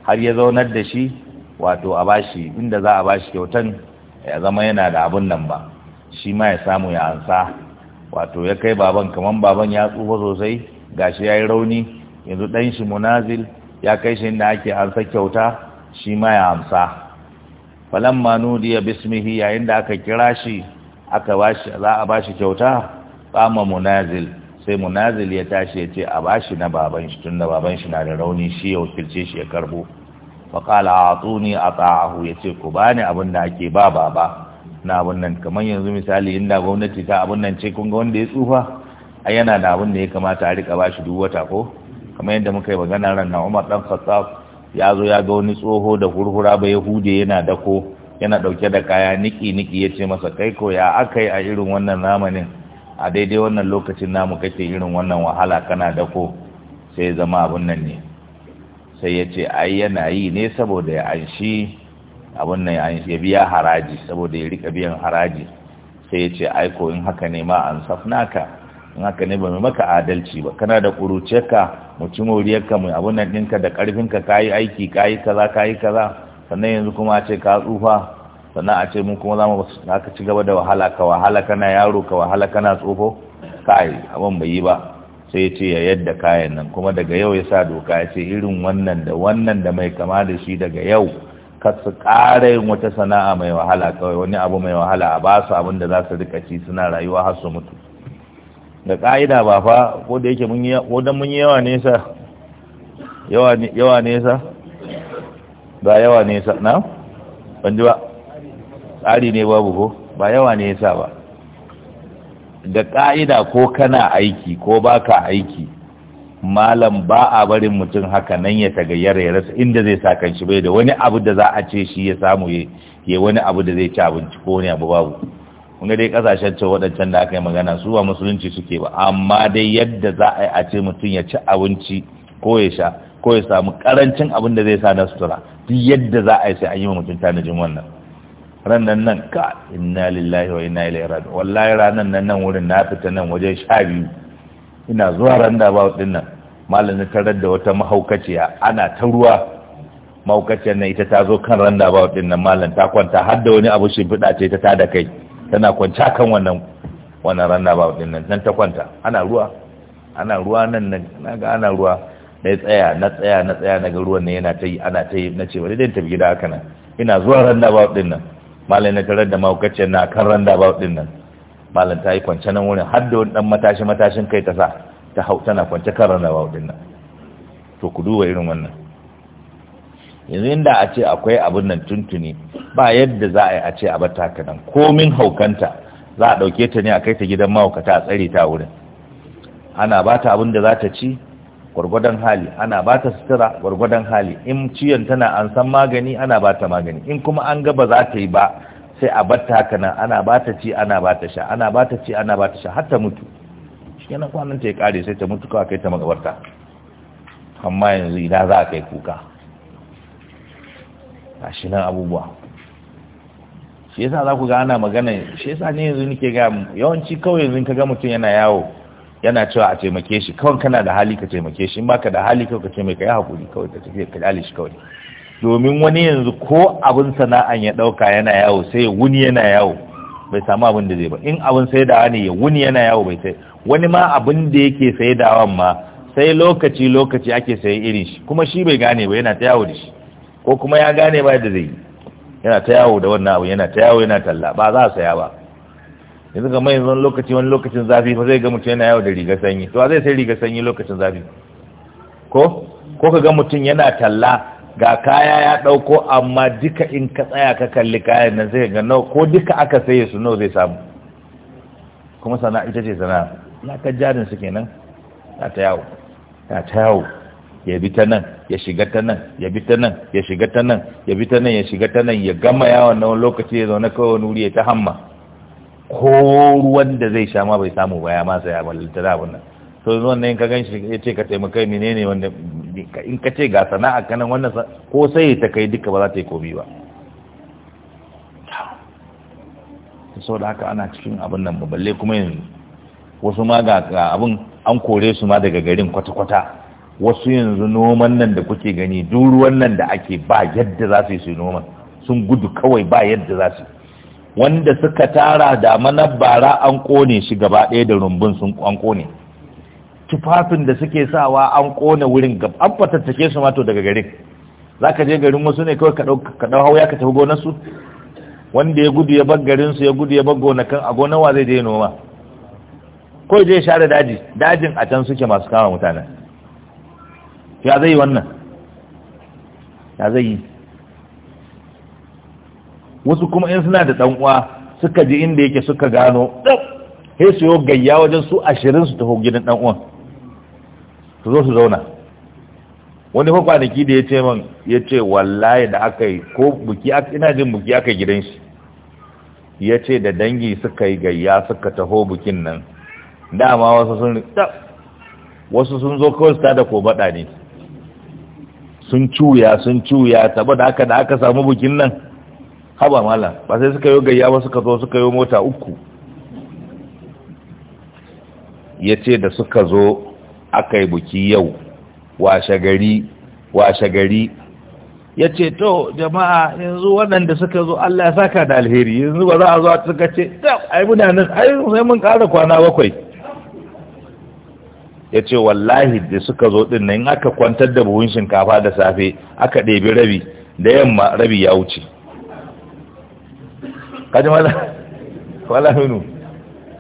har ya zaunar da shi wato a bashi inda za a bashi kyautan ya zama yana da abun nan ba shi ma ya samu ya ansa wato ya kai baban kamar baban ya tsufa sosai gashi ya yi rauni yanzu ɗan shi munazil ya kai shi inda ake ansa kyauta shi ma ya amsa falamma ya bismihi yayin da aka kira shi aka za a bashi kyauta ƙama munazil sai munazil ya tashi ya ce a ba shi na baban shi tunda baban shi na da rauni shi ya wakilce shi ya karbo faƙala a tsuni a tsa'ahu ya ce ku bani abin da ake ba baba na abun nan kamar yanzu misali inda gwamnati ta abun nan ce kun ga wanda ya tsufa ai yana da abun da ya kamata a rika bashi duk wata ko kamar yadda muka yi magana ran na Umar dan Khattab ya zo ya ga wani tsoho da hurhura ba Yahude yana dako yana dauke da kaya niki niki ce masa kai ko ya akai a irin wannan zamanin a daidai wannan lokacin namu kake irin wannan wahala kana dako sai zama abun nan ne sai yace ai yana yi ne saboda ya anshi abin nan ya biya haraji saboda ya rika biyan haraji sai ya ce aiko in haka ne ma an safnaka in haka ne ba mai maka adalci ba kana da ƙuruciyarka mutum wuriyarka mai abin nan ɗinka da ƙarfinka ka yi aiki ka yi kaza ka yi kaza sannan yanzu kuma a ce ka tsufa sannan a ce mun kuma za mu haka ci gaba da wahala ka wahala kana yaro ka wahala kana tsofo kai abin bai yi ba sai ce ya yadda kayan nan kuma daga yau ya sa doka ya ce irin wannan da wannan da mai kama da shi daga yau kasu ƙara yin wata sana'a mai wahala kawai wani abu mai wahala a ba su abin da za su rika ci suna rayuwa har su mutu da ƙa'ida ba fa ko da yake wadda mun yi yawa nesa yawa nesa ba yawa nesa na ban ba tsari ne babu ko ba yawa nesa ba da ƙa'ida ko kana aiki ko baka aiki malam ba a barin mutum haka nan ya tagayyara ya rasa inda zai sa kanshi bai da wani abu da za a ce shi ya samu ya wani abu da zai ci abinci ko wani abu babu wanda dai kasashen ce waɗancan da aka yi magana su ba musulunci suke ba amma dai yadda za a yi a ce mutum ya ci abinci ko ya sha ko ya samu karancin abin da zai sa na sutura duk yadda za a yi sai an yi wa mutum tanajin wannan rannan nan ka inna lillahi wa inna ilaihi raji'un wallahi ranan nan nan wurin na fita nan wajen sha biyu ina zuwa randa ba din nan malamin tarar da wata mahaukaciya ana ta ruwa mahaukaciyar nan ita ta zo kan randa ba din nan malam ta kwanta har da wani abu shi fida ce ta da kai tana kwanta kan wannan wannan randa ba din nan nan ta kwanta ana ruwa ana ruwa nan nan naga ana ruwa na tsaya na tsaya na tsaya naga ruwan nan yana ta yi ana ta yi na ce wani dai tafi gida haka nan ina zuwa randa ba din nan malamin tarar da mahaukaciyar na kan randa ba din nan malam ta yi kwance nan wurin har da wani dan matashi matashin kai ta sa ta hau tana kwance kan rarraba din nan to ku duba irin wannan yanzu inda a ce akwai abin nan tuntuni ba yadda za a yi a ce a bata ka nan komin haukanta za a ɗauke ta ne a kai ta gidan mahaukata a tsare ta wurin ana ba ta abin da za ta ci gwargwadon hali ana ba ta sutura gwargwadon hali in ciyon tana an san magani ana ba ta magani in kuma an ga ba za ta yi ba sai a batta haka nan ana ba ta ci ana ba ta sha ana ba ta ci ana ba ta sha har ta mutu shi yana kwanan ta ya kare sai ta mutu kawai kai ta magabarta amma yanzu ina za a kai kuka a shi nan abubuwa shi yasa za ku ga ana magana shi yasa ne yanzu nike ga yawanci kawai yanzu ka ga mutum yana yawo yana cewa a taimake shi kawai kana da hali ka taimake shi in baka da hali kawai ka taimake ya haƙuri kawai ka tafi ka dale shi kawai domin wani yanzu ko abin sana'an ya ɗauka yana yawo sai wuni yana yawo bai samu abin da zai ba in abin saidawa ne ya wuni yana yawo bai sai wani ma abin da yake saidawan ma sai lokaci lokaci ake sai irin shi kuma shi bai gane ba yana ta yawo da shi ko kuma ya gane ba da zai yi yana ta yawo da wannan abu yana ta yawo yana talla ba za a saya ba yanzu ga mai zan lokaci wani lokacin zafi fa zai ga mutum yana yawo da riga sanyi to zai sai riga sanyi lokacin zafi ko ko ka ga mutum yana talla ga kaya ya ɗauko amma duka in ka tsaya ka kalli kayan nan sai ga nawa ko duka aka saye su nawa zai samu kuma sana'a ita ce sana'a ya ka jarin su kenan ta ta yawo ta ta yawo ya bi ta nan ya shiga ta nan ya bi ta nan ya shiga ta nan ya bi ta nan ya shiga ta nan ya gama yawon na wani lokaci ya zaune kawai wani wuri ya ta hamma ko ruwan da zai sha ma bai samu ba ya masa ya ballanta da nan to zuwan in ka gan ya ce ka taimakai menene wanda in ka ce ga sana'a kanan wannan ko sai ta kai duka ba za ta yi komi ba sau da haka ana cikin abin nan baballe kuma yanzu wasu ma ga abin an kore su ma daga garin kwata-kwata wasu yanzu noman nan da kuke gani duk ruwan nan da ake ba yadda za su yi su noman sun gudu kawai ba yadda za su wanda suka tara da manabara an kone shi gaba ɗaya da rumbun sun an kone tufafin da suke sawa an kona wurin gab an fatattake su mato daga garin za ka je garin wasu ne kawai ka ɗau hauya ka tafi gonarsu wanda ya gudu ya bar garinsu ya gudu ya bar gonakan a gonar wa zai je noma ko je share daji dajin a can suke masu kama mutanen ya zai yi wannan ya zai yi wasu kuma in suna da dan uwa suka ji inda yake suka gano ɗau sai su yi gayya wajen su ashirin su taho gidan dan uwan su zo su zauna wani fa kwanaki da ya ce man ya ce wallahi da aka yi ko buki ina jin buki aka gidan shi ya ce da dangi suka yi gayya suka taho bukin nan dama wasu sun wasu sun zo kawai su da ko baɗa ne sun cuya sun cuya da haka da aka samu bukin nan haba malam ba sai suka yi gayya ba suka zo suka yi mota uku ya ce da suka zo aka yi buki yau washe gari washe gari ya ce to jama'a yanzu waɗanda suka zo Allah ya saka da alheri yanzu ba za a zo a suka ce ai muna nan ai sai mun ƙara kwana bakwai ya ce wallahi da suka zo ɗin nan aka kwantar da buhun shinkafa da safe aka ɗebi rabi da yamma rabi ya wuce kaji mala wala hinu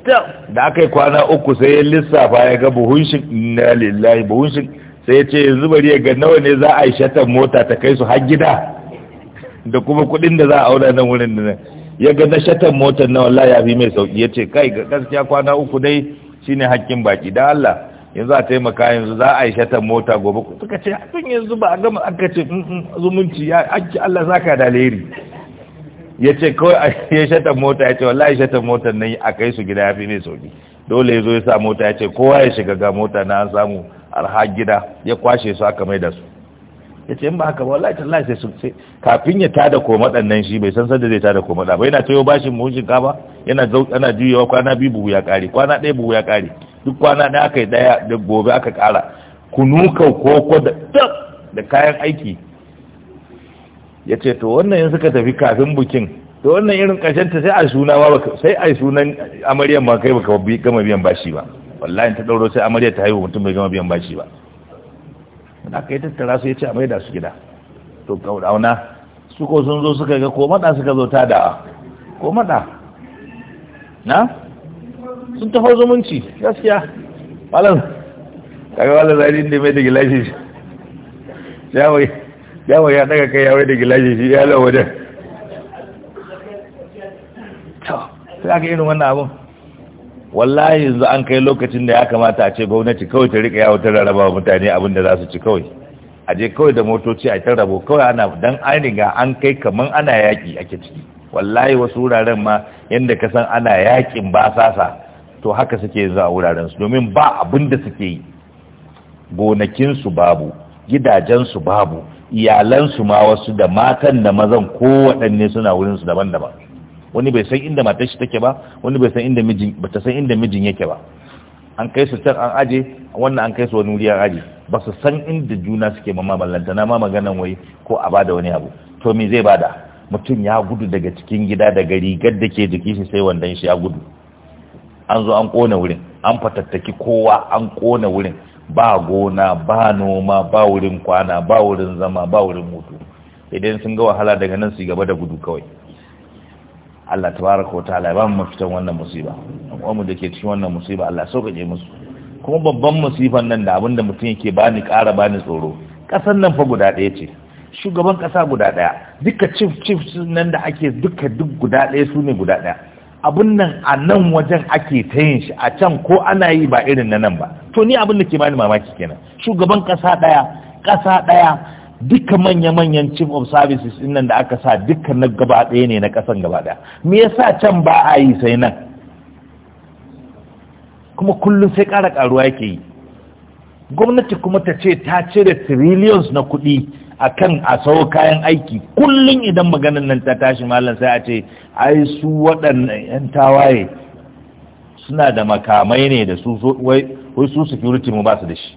da aka yi kwana uku sai ya lissafa ya ga buhun shi na lillahi buhun shi sai ya ce yanzu bari ya ga nawa ne za a yi shatan mota ta kai su har gida da kuma kudin da za a auna nan wurin nan ya ga na shatan motar na wallahi ya fi mai sauki ya ce kai ga gaskiya kwana uku dai shine hakkin baki da Allah yanzu a taimaka yanzu za a yi shatan mota gobe suka ce tun yanzu ba a gama aka ce zumunci ya Allah zaka da leri ya ce kawai ya shata mota ya ce ya shata motar nan a kai su gida ya fi mai sauki dole ya zo ya sa mota ya ce kowa ya shiga ga mota na an samu arha gida ya kwashe su aka mai da su ya ce in ba haka ba wala tallahi su ce kafin ya tada komadan nan shi bai san sanda zai tada komada ba yana tayo bashi mu shinkafa yana zau ana juyawa kwana biyu buhu ya kare kwana ɗaya buhu ya kare duk kwana ɗaya aka yi ɗaya da gobe aka kara kunu ko ko da da kayan aiki ya ce to wannan yin suka tafi kafin bukin to wannan irin ƙashenta sai a suna ba sai a sunan amaryan ba kai baka gama biyan bashi ba wallahi ta ɗauro sai amarya ta haihu mutum bai gama biyan bashi ba da kai yi tattara su ya ce a maida su gida to kaudauna su ko sun zo suka ga ko mada suka zo ta da ko mada na sun taho zumunci gaskiya malam kaga wala zai ne mai da gilashi wai yawon ya daga kai yawon da gilashi shi ya lawadar sai aka yi wannan wallahi yanzu an kai lokacin da ya kamata a ce gwamnati kawai ta rika yawo ta rarraba wa mutane abin da za su ci kawai a je kawai da motoci a ta rabo kawai ana dan an riga an kai kamar ana yaki ake ciki wallahi wasu wuraren ma yadda ka san ana yakin ba sasa to haka suke yanzu a wuraren su domin ba abin da suke yi gonakin babu gidajen su babu iyalansu ma wasu da matan da mazan kowaɗanne suna wurinsu daban-daban wani bai san inda matar shi take ba wani bai san inda mijin ba ta san inda mijin yake ba an kai su can an aje wannan an kai su wani wuri an aje ba su san inda juna suke ma ballanta na ma maganan wai ko a bada wani abu to me zai bada mutum ya gudu daga cikin gida daga rigar da ke jiki shi sai wandan shi ya gudu an zo an kona wurin an fatattaki kowa an kona wurin ba gona ba noma ba wurin kwana ba wurin zama ba wurin mutu idan sun ga wahala daga nan su gaba da gudu kawai Allah tabaraka wa ta'ala ba mu mafitan wannan musiba kuma mu dake cikin wannan musiba Allah sauƙaƙe musu kuma babban musifan nan da abinda mutum yake bani ƙara bani tsoro ƙasar nan fa guda ɗaya ce shugaban ƙasa guda ɗaya duka chief chief nan da ake duka duk guda ɗaya su ne guda ɗaya abun nan a nan wajen ake ta yin shi a can ko ana yi ba irin na nan ba to ni abin da ke bani mamaki kenan shugaban kasa daya kasa daya duka manya-manyan chief of services din nan da aka sa duka na gaba ɗaya ne na ƙasan gaba daya me yasa can ba a yi sai nan kuma kullum sai ƙara ƙaruwa yake yi gwamnati kuma ta ce ta cire trillions na kuɗi akan a sau kayan aiki kullum idan maganar nan ta tashi malam sai a ce ai su waɗannan 'yan tawaye suna da makamai ne da su wai su security mu ba su da shi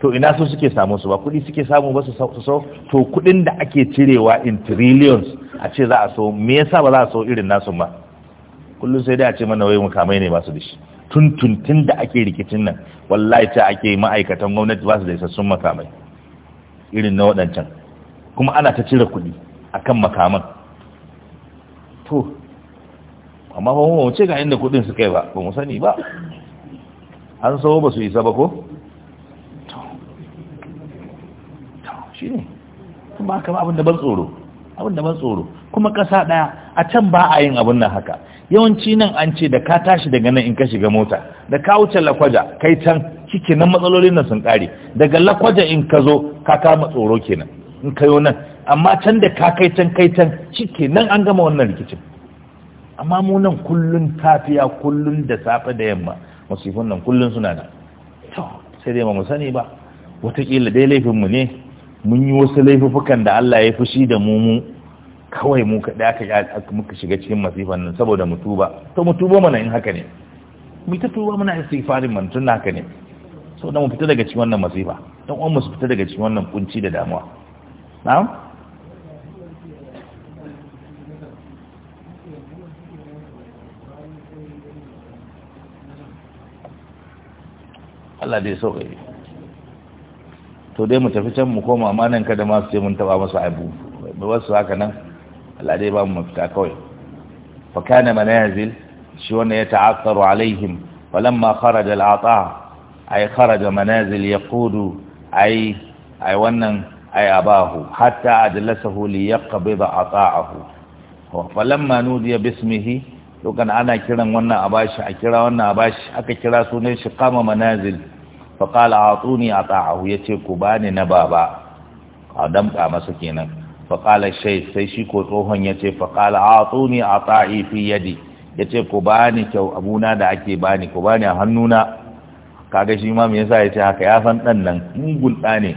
to ina su suke samu su ba kuɗi suke samu ba su sau to kuɗin da ake cirewa in trillions a ce za a so me yasa ba za a so irin nasu ba kullum sai dai a ce mana wai makamai ne ba su da shi tun tun da ake rikicin nan wallahi ta ake ma'aikatan gwamnati ba su da isassun makamai irin na waɗancan kuma ana ta cire kuɗi akan makaman to amma ba mu ce ga inda kuɗin su kai ba ba mu sani ba an sawo ba su isa ba ko to shi ne kuma haka abin da ban tsoro abin da ban tsoro kuma ƙasa ɗaya a can ba a yin abin nan haka yawanci nan an ce da ka tashi daga nan in ka shiga mota da ka wuce lakwaja kai can ciki nan matsalolin nan sun kare daga lakwaja in ka zo ka kama tsoro kenan in kayo nan amma can da ka kai can kai can ciki nan an gama wannan rikicin amma mu nan kullun tafiya kullun da safe da yamma masifin nan kullun suna da to sai dai ba mu sani ba wataƙila dai laifinmu ne mun yi wasu laifukan da Allah ya fushi da mu mu kawai mu kaɗai aka yi muka shiga cikin masifan nan saboda mu tuba to mu tuba mana in haka ne mu ta tuba muna istighfarin man tun haka ne so da mu fita daga cikin wannan masifa dan uwan mu fita daga cikin wannan kunci da damuwa na'am Allah dai so kai to dai mu tafi can mu koma amanan kada ma su ce mun taba masu abu ba wasu haka nan Allah ba mu mafita kawai fa kana manazil shi wanda ya ta'assaru alaihim falamma kharaja al'ata ay kharaja manazil yaqudu ay ay wannan ay abahu hatta adlasahu li yaqbida ata'ahu wa falamma nudiya bismihi lokacin ana kiran wannan abashi a kira wannan abashi aka kira sunan shi kama manazil fa qala atuni ata'ahu yace ku bani na baba a damƙa masa kenan faƙala shai sai shi ko tsohon ya ce faƙala a tsuni a tsa'i fi yadi ya ce ku ba ni kyau abuna da ake ba ni ku ba ni a hannuna kaga shi ma me yasa ya ce haka ya san ɗan nan in gulɗa ne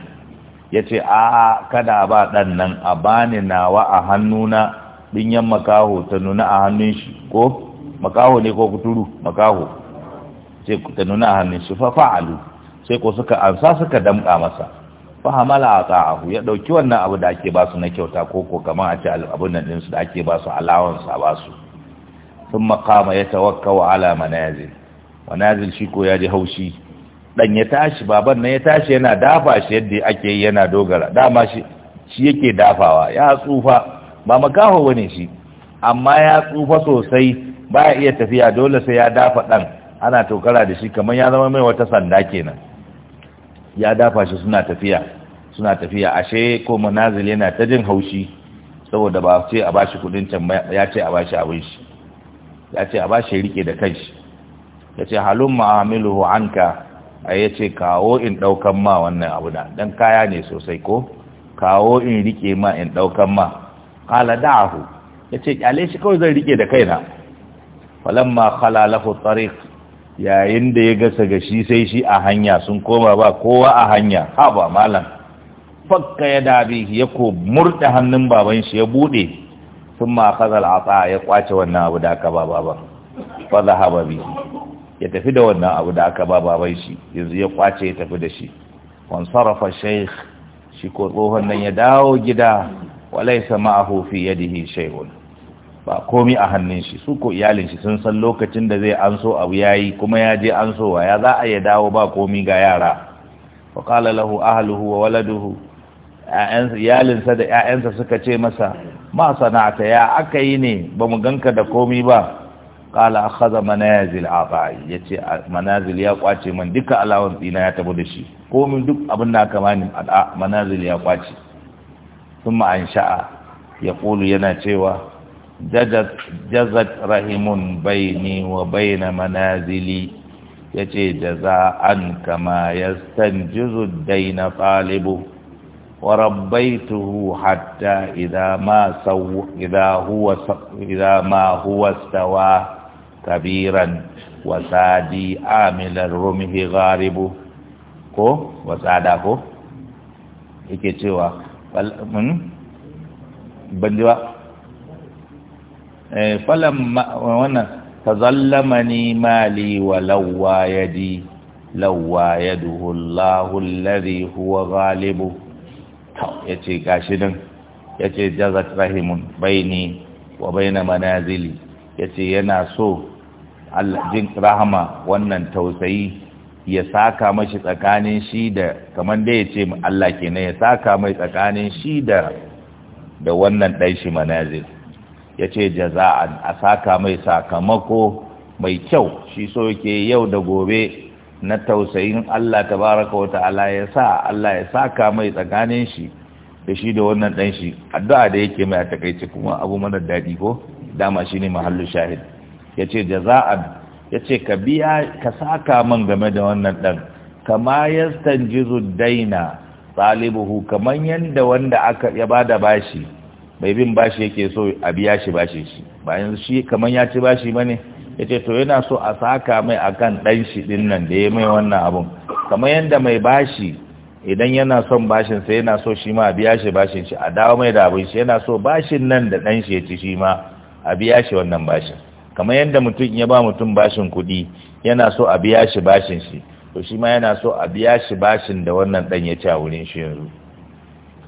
ya ce a kada ba ɗan nan a ba ni nawa a hannuna ɗinyen makaho ta nuna a hannun shi ko makaho ne ko kuturu makaho ce ta nuna a hannun shi fa fa'alu sai ko suka ansa suka damƙa masa fahamala a ata'ahu ya dauki wannan abu da ake basu na kyauta ko ko kaman a ce abun nan dinsu da ake basu allowance a basu ya qama yatawakkau ala manazil manazil shi ko ya ji haushi dan ya tashi baban nan ya tashi yana dafa shi yadda ake yi yana dogara dama shi yake dafawa ya tsufa ba makaho bane shi amma ya tsufa sosai baya iya tafiya dole sai ya dafa ɗan, ana tokara da shi kamar ya zama mai wata sanda kenan ya dafa shi suna tafiya suna tafiya ashe ko manazil yana ta jin haushi saboda ba ce a bashi kudin can ya ce a bashi abin shi ya ce a bashi rike da kanshi ya ce halun ma'amiluhu anka a ya ce kawo in daukan ma wannan abu da dan kaya ne sosai ko kawo in rike ma in daukan ma qala da'ahu ya ce kyale shi kawai zan rike da kaina falamma khala lahu tariq yayin da ya gasa ga shi, sai shi a hanya sun koma ba kowa a hanya ha ba malam fakka ya dabi ya ko murda hannun baban shi ya bude sun ma kazal asa ya kwace wannan abu da aka ba baban fa zahaba bi ya tafi da wannan abu da aka ba baban shi yanzu ya kwace ya tafi da shi wan sarafa shaykh shi ko tsohon nan ya dawo gida walaysa ma'ahu fi yadihi shay'un ba komi a hannun shi su ko iyalin shi sun san lokacin da zai anso abu yayi kuma ya je ansowa ya za a ya dawo ba komi ga yara wa qala lahu ahluhu wa waladuhu iyalinsa da 'ya'yansa suka ce masa ma sana'ata ya aka yi ne ba mu ganka da komi ba kala akhadha manazil abai yace manazil ya kwace man duka alawan dina ya tabo da shi komi duk abin da aka mani manazil ya kwace thumma ansha'a yaqulu yana cewa jazat rahimun baini wa baina manazili ya ce jaza'an kama ya jizu daina falibu wa rabbaituhu hatta idha ma huwa ma stawa kabiran wa sadi amilar rumhi gharibu ko wa sada ko yake cewa hmm? ban ji ba Eh, falan wannan tazallamani mali wa ya yadi lawwa yaduhu Allahu alladhi huwa ghalibu yace gashi nan yace jazat rahimun baini wa baina manazili yace yana so Allah jin rahama wannan tausayi ya saka mashi tsakanin shi da kamar da yace Allah kenan ya saka mai tsakanin shi da da wannan dan shi manazili ya ce jaza'an a saka mai sakamako mai kyau shi so yake yau da gobe na tausayin Allah ta baraka wa ta'ala ya sa Allah ya saka mai tsakanin shi da shi da wannan dan shi addu'a da yake mai a takaice kuma abu mana daɗi ko dama shine mahallu shahid yace jaza'an yace ka biya ka saka man game da wannan ɗan kama jizu daina talibuhu kamar yadda wanda aka ya bada bashi mai bin bashi yake so a biya shi bashi shi bayan shi kamar ya ci bashi ba ne ya ce to yana so a saka mai akan ɗan shi ɗin nan da ya mai wannan abun kamar yadda mai bashi idan yana son bashin sai yana so shi ma a biya shi bashin shi a dawo mai da abin shi yana so bashin nan da ɗan shi ya ci shi ma a biya shi wannan bashin kamar yadda mutum ya ba mutum bashin kuɗi yana so a biya shi bashin shi to shi ma yana so a biya shi bashin da wannan ɗan ya ci a wurin shi yanzu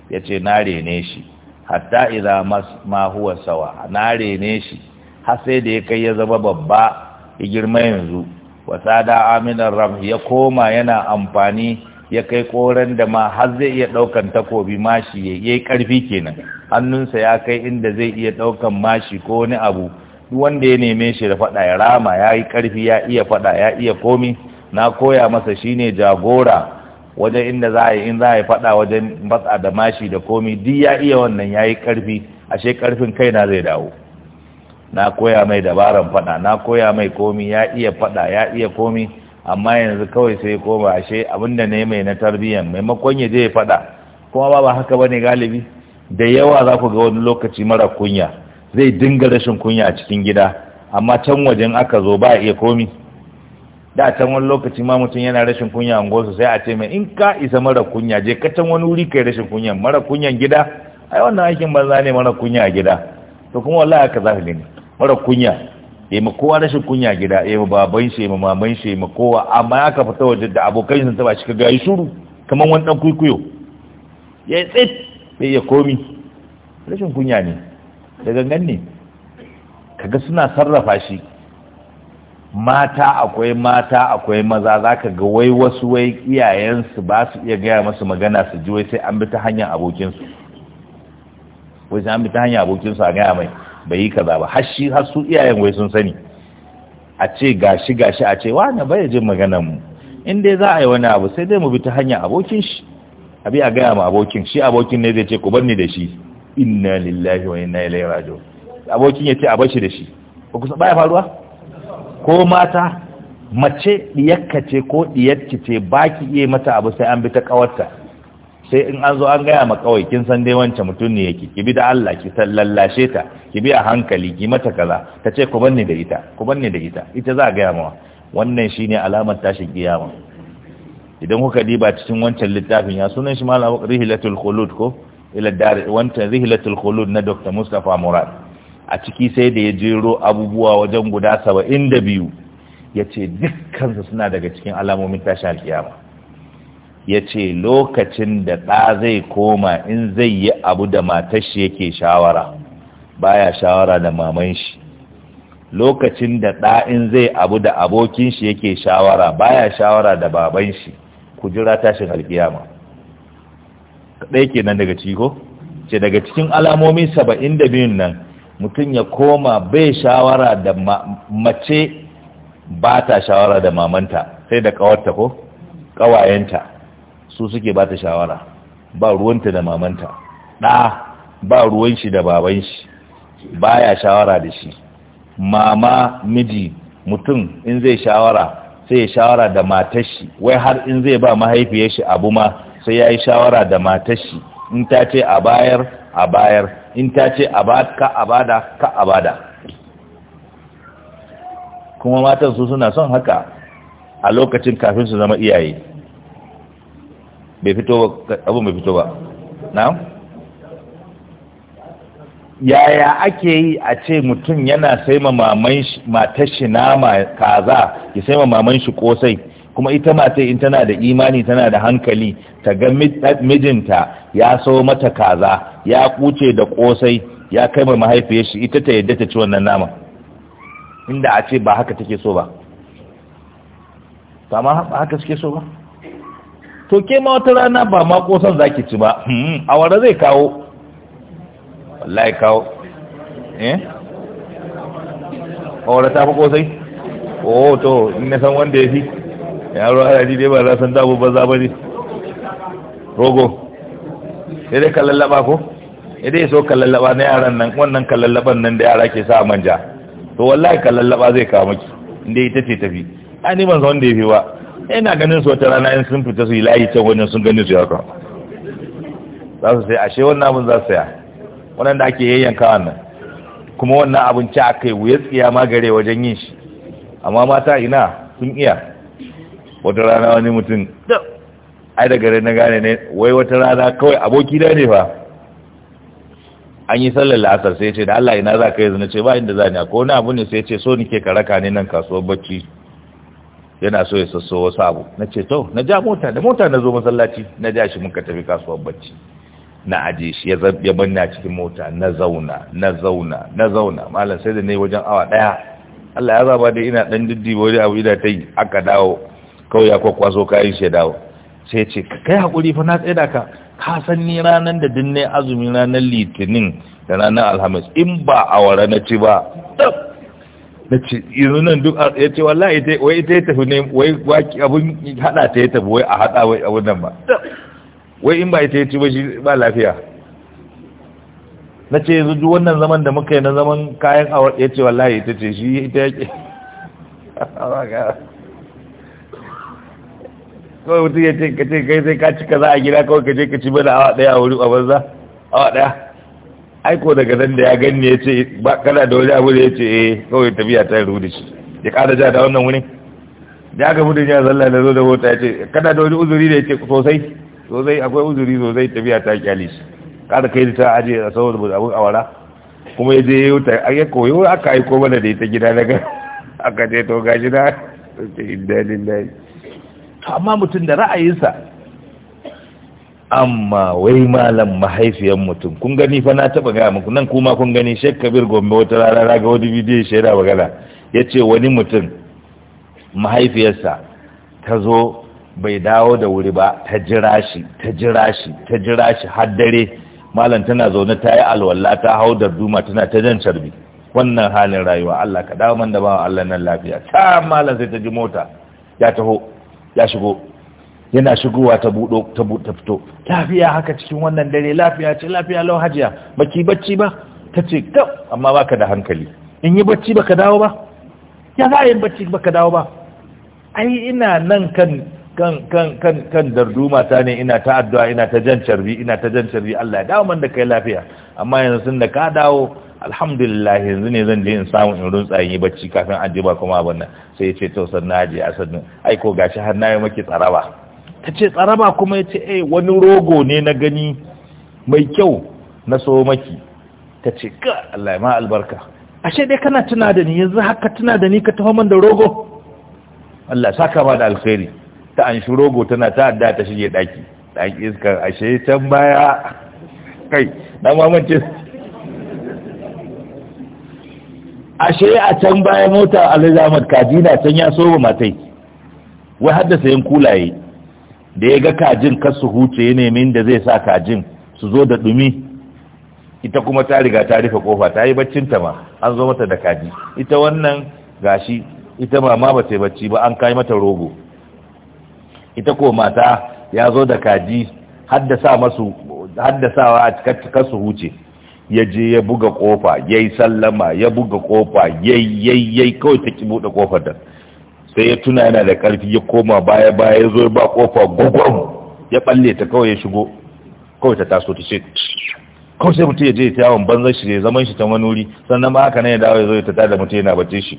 ya ce na rene shi hatta idza ma huwa sawa na rene shi har sai da ya kai ya zama babba ya girma yanzu wa sada aminar ram ya koma yana amfani ya kai koren da ma har zai iya daukan takobi mashi yayi karfi kenan hannunsa ya kai inda zai iya daukan mashi ko wani abu wanda ya neme shi da fada ya rama yayi karfi ya iya fada ya iya komi na koya masa shine jagora wajen inda za a yi in za a yi faɗa wajen matsa da mashi da komi duk ya iya wannan ya yi ƙarfi ashe ƙarfin na zai dawo na koya mai dabaran faɗa na koya mai komi ya iya faɗa ya iya komi amma yanzu kawai sai koma ashe abinda ne mai na tarbiyyan maimakon ya je ya faɗa kuma ba ba haka bane galibi da yawa za ku ga wani lokaci mara kunya zai dinga rashin kunya a cikin gida amma can wajen aka zo ba a iya komi da can wani lokaci ma mutum yana rashin kunya gosu sai a ce mai in ka isa mara kunya je ka can wani wuri kai rashin kunya mara kunyan gida ai wannan aikin banza ne mara kunya a gida to kuma wallahi haka za ka gani mara kunya ya ma kowa rashin kunya gida ya ma baban shi ya ma maman shi ya ma kowa amma ya kafa ta waje da abokan ta ba shi ka gayi shuru kamar wani dan kuikuyo ya yi tsit ya ya komi rashin kunya ne da gangan ne kaga suna sarrafa shi mata akwai mata akwai maza za ka ga wai wasu wai iyayensu ba su iya gaya masu magana su ji wai sai an bi ta hanyar abokinsu wai sai an bi ta hanyar abokinsu a gaya mai bai yi kaza ba har shi har su iyayen wai sun sani a ce gashi gashi a ce wa na bai jin maganar mu in dai za a yi wani abu sai dai mu bi ta hanyar abokin shi abi a gaya ma abokin shi abokin ne zai ce ku bar ni da shi inna lillahi wa inna ilaihi raji'un abokin ya ce a bar shi da shi ba ku faruwa ko mata mace diyakka ce ko diyakki ce baki iya mata abu sai an bi ta kawarta sai in an zo an gaya ma kawai kin san dai wancan mutum ne yake ki bi da Allah ki lallashe ta ki bi a hankali ki mata kaza ta ce ku banne da ita ku banne da ita ita za a gaya mawa wannan shine alamar tashin kiyama idan kuka diba cikin wancan littafin ya sunan shi malam rihlatul khulud ko ila dar wancan rihlatul khulud na Dr. Mustafa Murad a ciki sai da ya jero abubuwa wajen guda saba'in da biyu ya ce dukkansu suna daga cikin alamomin tashin alkiyama ya ce lokacin da ɗa zai koma in zai yi abu da matashi yake shawara baya shawara da maman shi lokacin da ɗa in zai abu da abokin shi yake shawara baya shawara da baban shi ku jira tashin alkiyama kaɗai kenan daga ciki ko ce daga cikin alamomi saba'in da biyun nan mutum ya koma bai shawara da mace ba ta shawara da mamanta sai da kawarta ko kawayenta su suke ba ta shawara ba ruwanta da mamanta ɗa ba ruwan shi da baban shi ba ya shawara da shi mama miji mutum in zai shawara sai ya shawara da matashi. wai har in zai ba mahaifiyar shi abu ma sai ya yi shawara da matashi? in ta ce a bayar a bayar in ta ce ka abada ka abada kuma matan su suna son haka a lokacin kafin su zama iyaye bai fito abu bai fito ba na yaya ake yi a ce mutum yana sai ma nama kaza ya sai ma maman shi kosai kuma ita mace in tana da imani tana da hankali ta ga eh, mijinta ya so mata kaza ya kuce da kosai ya kai mai mahaifiyar shi ita ta yadda ta ci wannan naman inda a ce ba haka take so ba ba ma haka suke so ba to ke ma wata rana ba ma kosan zaki ci ba hmm, a wara zai kawo wallahi kawo eh a wara ta fi kosai oh to ina san wanda ya fi yaro ana ji dai ba za san dabo banza ba ne rogo sai dai kallallaba ko idan ya so kallallaba na yaran nan wannan kallallaban nan da yara ke sa manja to wallahi kallallaba zai kawo miki inda ita ce tafi ani ban san da yafi ba ina ganin su wata rana in sun fita su yi layi can wajen sun gani su haka za su sai ashe wannan abin za su saya wannan da ake yayyanka wannan kuma wannan abin ci aka yi wuyar tsiya magare wajen yin shi amma mata ina sun iya wata rana wani mutum ai da gare na gane ne wai wata rana kawai aboki da ne fa an yi sallar la'asar sai ce da Allah ina za ka yi zane ce ba inda za ni a wani abu ne sai ce so nike ka raka ne nan kasuwar bacci yana so ya sasso wasu abu na ce to na ja mota da mota na zo masallaci na ja shi muka tafi kasuwar bacci na aje shi ya banna cikin mota na zauna na zauna na zauna malam sai da ne wajen awa daya Allah ya zaba da ina dan diddi wani abu ina ta yi aka dawo kawai ya kwakwaso kayan shi dawo sai ce kai hakuri fa na tsaida ka ka san ni ranar da dinne azumi ranar litinin da ranar alhamis in ba awara na ci ba na ce yanzu nan duk ya ce wallahi wai ita ya tafi ne wai abin hada ta ya tafi wai a hada wai abin nan ba wai in ba ita ya ci ba shi ba lafiya na ce yanzu duk wannan zaman da muka yi na zaman kayan awar ya ce wallahi ita ce shi ita ya ke kawai mutum ya ce ka ce kai sai ka cika kaza a gida kawai ka je ka ci mana awa daya a wuri a banza awa daya aiko daga nan da ya gani ya ce ba kana da wani abu da ya ce eh kawai tafiya ta yi rudi shi ya kada ja da wannan wuni da aka mutum ya zalla da zo da mota ya ce kana da wani uzuri da ya ce sosai sosai akwai uzuri sosai tafiya ta kyali shi kada kai da ta aje a saboda a awara kuma ya je yi ta ya koyo aka aiko mana da ita gida daga aka je to gashi na ce inda lillahi to amma mutum da ra'ayinsa amma wai malam mahaifiyan mutum kun gani fa na taba gaya muku nan kuma kun gani shek Kabir Gombe wata rana raga wani bidiyo shaida magana ce wani mutum mahaifiyarsa ta zo bai dawo da wuri ba ta jira shi ta jira shi ta jira shi har dare malam tana zaune ta yi alwala ta hau da duma tana ta jan carbi wannan halin rayuwa Allah ka dawo man da ba Allah nan lafiya ta malam sai ta ji mota ya taho ya shigo yana shigowa ta budo ta ta fito lafiya haka cikin wannan dare lafiya ce lafiya lau hajiya baki bacci ba ta ce kaf amma baka da hankali in yi bacci baka dawo ba ya za a yi bacci baka dawo ba ai ina nan kan kan kan kan kan darduma ta ne ina ta addu'a ina ta jan carbi ina ta jan carbi Allah ya dawo man da kai lafiya amma yanzu sun da ka dawo alhamdulillah yanzu ne zan je in samu in rutsa yi bacci kafin an jiba kuma abin nan sai ya ce to san na je asadin ai ko gashi har na yi maki tsaraba ta ce tsaraba kuma ya ce eh wani rogo ne na gani mai kyau na so maki ta ce ka Allah ma albarka ashe dai kana tuna da ni yanzu haka tuna da ni ka tafi man da rogo Allah saka ma da alkhairi ta an shi rogo tana ta adda ta shige daki daki iska ashe can baya kai na mamance ashe a can baya mota a ahmad kaji na can ya soba matai wai haddasa yin kulaye da ya ga kajin kar su huce ya nemi inda zai sa kajin su zo da dumi ita kuma ta riga ta rufe kofa ta yi baccin ta ma an zo mata da kaji ita wannan gashi ita ma ba ta yi bacci ba an kai mata rogo ita ko mata ya zo da kaji haddasa masu haddasawa a su huce ya je ya buga kofa ya yi sallama ya buga kofa ya yi kawai ta ki buɗe kofar da sai ya tuna yana da ƙarfi ya koma baya baya ya zo ya ba kofa gwagwam ya balle ta kawai ya shigo kawai ta taso ta ce kawai sai mutum ya je ta yawon banzan shi ya zaman shi ta manuri sannan ma haka ne ya dawo ya zo ya ta tada mutum yana bace shi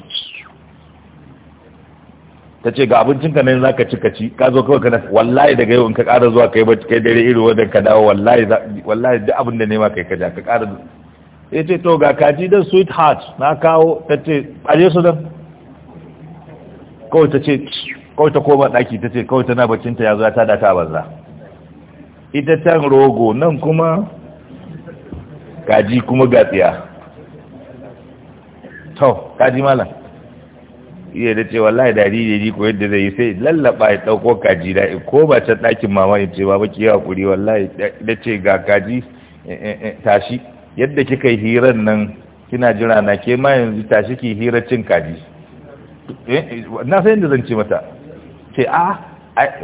ta ce ga abincin ka nan za ka ci ka ci ka zo kawai kana wallahi daga yau in ka ƙara zuwa kai bacci kai dare irin wadda ka dawo wallahi wallahi duk abin da nema kai ka ja ka ƙara ya ce to ga kaji dan sweet heart na kawo ta ce aje su dan kawai ta ce kawai ta koma ɗaki ta ce kawai tana ta ya zuwa ta da ta banza ita can rogo nan kuma kaji kuma gatsiya to kaji malam iya da ce wallahi dari ne ko yadda zai yi sai lallaba ya dauko kaji da ko ba ta dakin mama ya ce ba baki ya kuri wallahi da ce ga kaji eh, eh, eh, tashi yadda kika yi hirar nan kina jira na ke ma yanzu tashi ki hirar cin kaji na san yadda zan ce mata ce a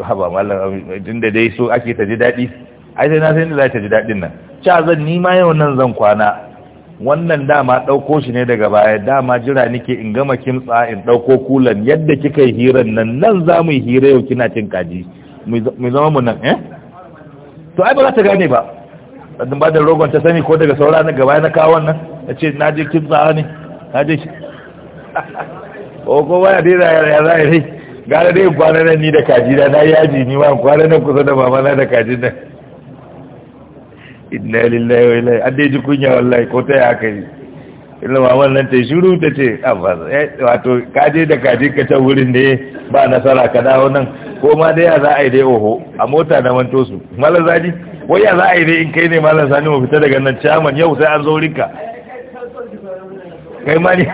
haba mallam da dai so ake ta ji daɗi ai sai na san yadda za ta ji daɗin nan ca zan ni ma yau nan zan kwana wannan dama ɗauko shi ne daga baya dama jira nike in gama kimtsa in ɗauko kulan yadda kika yi hiran nan nan za mu yi hira yau kina cin kaji mu zama mu nan eh to ai ba za ta gane ba sannan ba da rogon ta sani ko daga saura na gaba na kawo wannan ta ce na je kimtsa ne na je ko ko ba ya dira ya za ya rai gara dai kwanan nan ni da kaji na na yaji ni ma kwanan nan kusa da mama na da kajin nan inna lillahi wa inna an dai ji kunya wallahi ko ta ya kai illa ma wannan ta shiru ta ce eh, wato ka je da kaji ka ta wurin ne ba nasara ka dawo nan ko ma da ya za a yi dai oho a mota na manto su Malam zani wai ya za a yi dai in kai ne Malam Sani mu fita daga nan chairman yau sai an zo rinka kai ma ni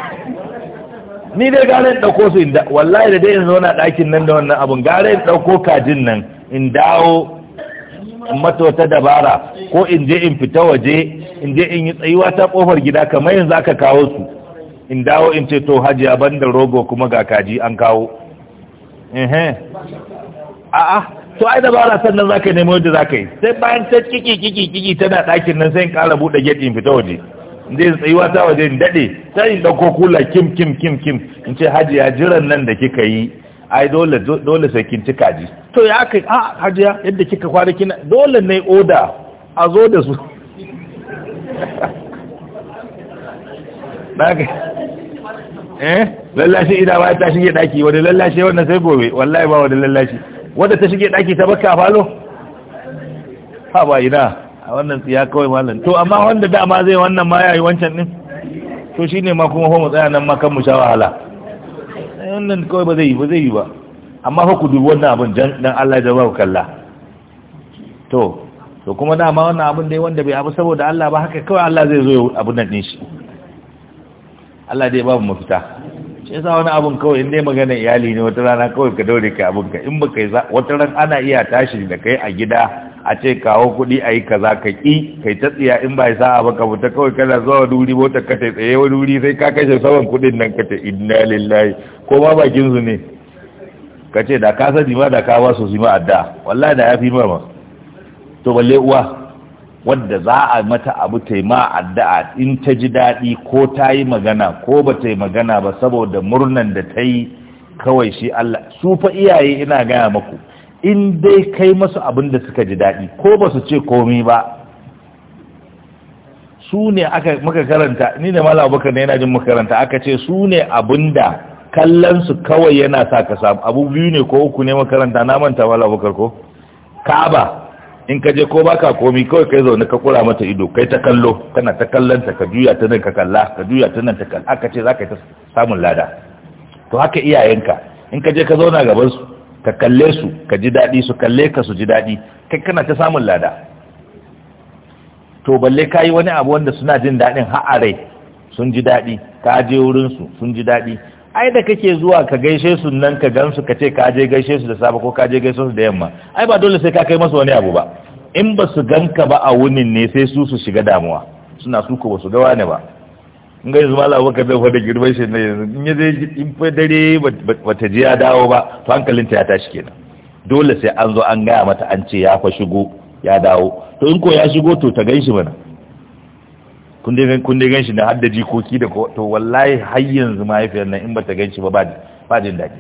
ni dai gare in ɗauko su in da wallahi da dai in zauna ɗakin nan da wannan abun gare in ɗauko kajin nan in dawo in mata wata dabara ko in je in fita waje in je in yi tsayuwa ta kofar gida kamar yanzu aka kawo su in dawo in ce to hajiya da rogo kuma ga kaji an kawo a'a to ai dabara sannan zaka nemo yadda zaka yi sai bayan ta kiki kiki kiki tana ɗakin nan sai in ƙara buɗe gate in fita waje In je in tsayuwa ta waje in daɗe sai in ɗauko kula kim kim kim kim in ce hajiya jiran nan da kika yi ai dole dole sai kin cika ji to ya kai a hajiya yadda kika kwana kina dole ne oda a zo da su daga eh lallashi ina ba ta shige daki wani lallashi wannan sai gobe wallahi ba wani lallashi wanda ta shige daki ta baka falo ha ba ina a wannan tsiya kawai malam to amma wanda dama zai wannan ma yayi wancan din to shine ma kuma ho mu tsaya nan ma kan mu sha wahala wannan kawai ba zai yi ba zai yi ba amma fa ku dubi wannan abin dan Allah ya ba kalla to to kuma dama wannan abin dai wanda bai abu saboda Allah ba haka kawai Allah zai zo abun nan din shi Allah dai babu mafita shi yasa wani abin kawai in dai magana iyali ne wata rana kawai ka daure ka abun ka in baka yi wata ran ana iya tashi da kai a gida a ce kawo kuɗi a yi kaza ka ƙi kai ta tsiya in ba sa ba baka fita kawai kana zuwa wani wuri motar ka ta tsaye wani wuri sai ka kashe saman kuɗin nan ka ta inna lillahi ko ma bakin su ne ka ce da ka sani ma da ka ba su su ma adda wallahi da ya fi ma ma to balle uwa wadda za a mata abu ta ma addu'a in ta ji daɗi ko ta yi magana ko ba ta yi magana ba saboda murnan da ta yi kawai shi Allah su fa iyaye ina gaya maku in dai kai masu abin da suka ji daɗi ko ba su ce komi ba su ne aka muka karanta ni da mala abubakar ne yana jin makaranta aka ce su ne abin da kallonsu kawai yana sa ka samu abu biyu ne ko uku ne makaranta na manta mala abubakar ko ka'aba in ka je ko baka komi kawai kai zaune ka kura mata ido kai ta kallo kana ta kallon ta ka juya ta nan ka kalla ka juya ta nan ta kalla aka ce za ka yi ta samun lada to haka iyayenka in ka je ka zauna gaban su ka kalle su ka ji daɗi su kalle ka su ji daɗi kai kana ta samun lada to balle ka yi wani abu wanda suna jin daɗin ha'arai sun ji daɗi ka je wurinsu sun ji daɗi ai da kake zuwa ka gaishe su nan ka gan su ka ce ka je gaishe su da safe ko ka je gaishe su da yamma ai ba dole sai ka kai masu wani abu ba in ba su ganka ba a wunin ne sai su su shiga damuwa suna su ko ba su ga wani ba in ga yanzu malam abubakar zai fada girman shi ne yanzu in yaje in fa dare ta je ya dawo ba to hankalinta ya tashi kenan dole sai an zo an gaya mata an ce ya fa shigo ya dawo to in ko ya shigo to ta ganshi mana kun dai kun dai ganshi da har da jikoki da to wallahi har yanzu mahaifiyar nan in ba ta ganshi ba ba jin daɗi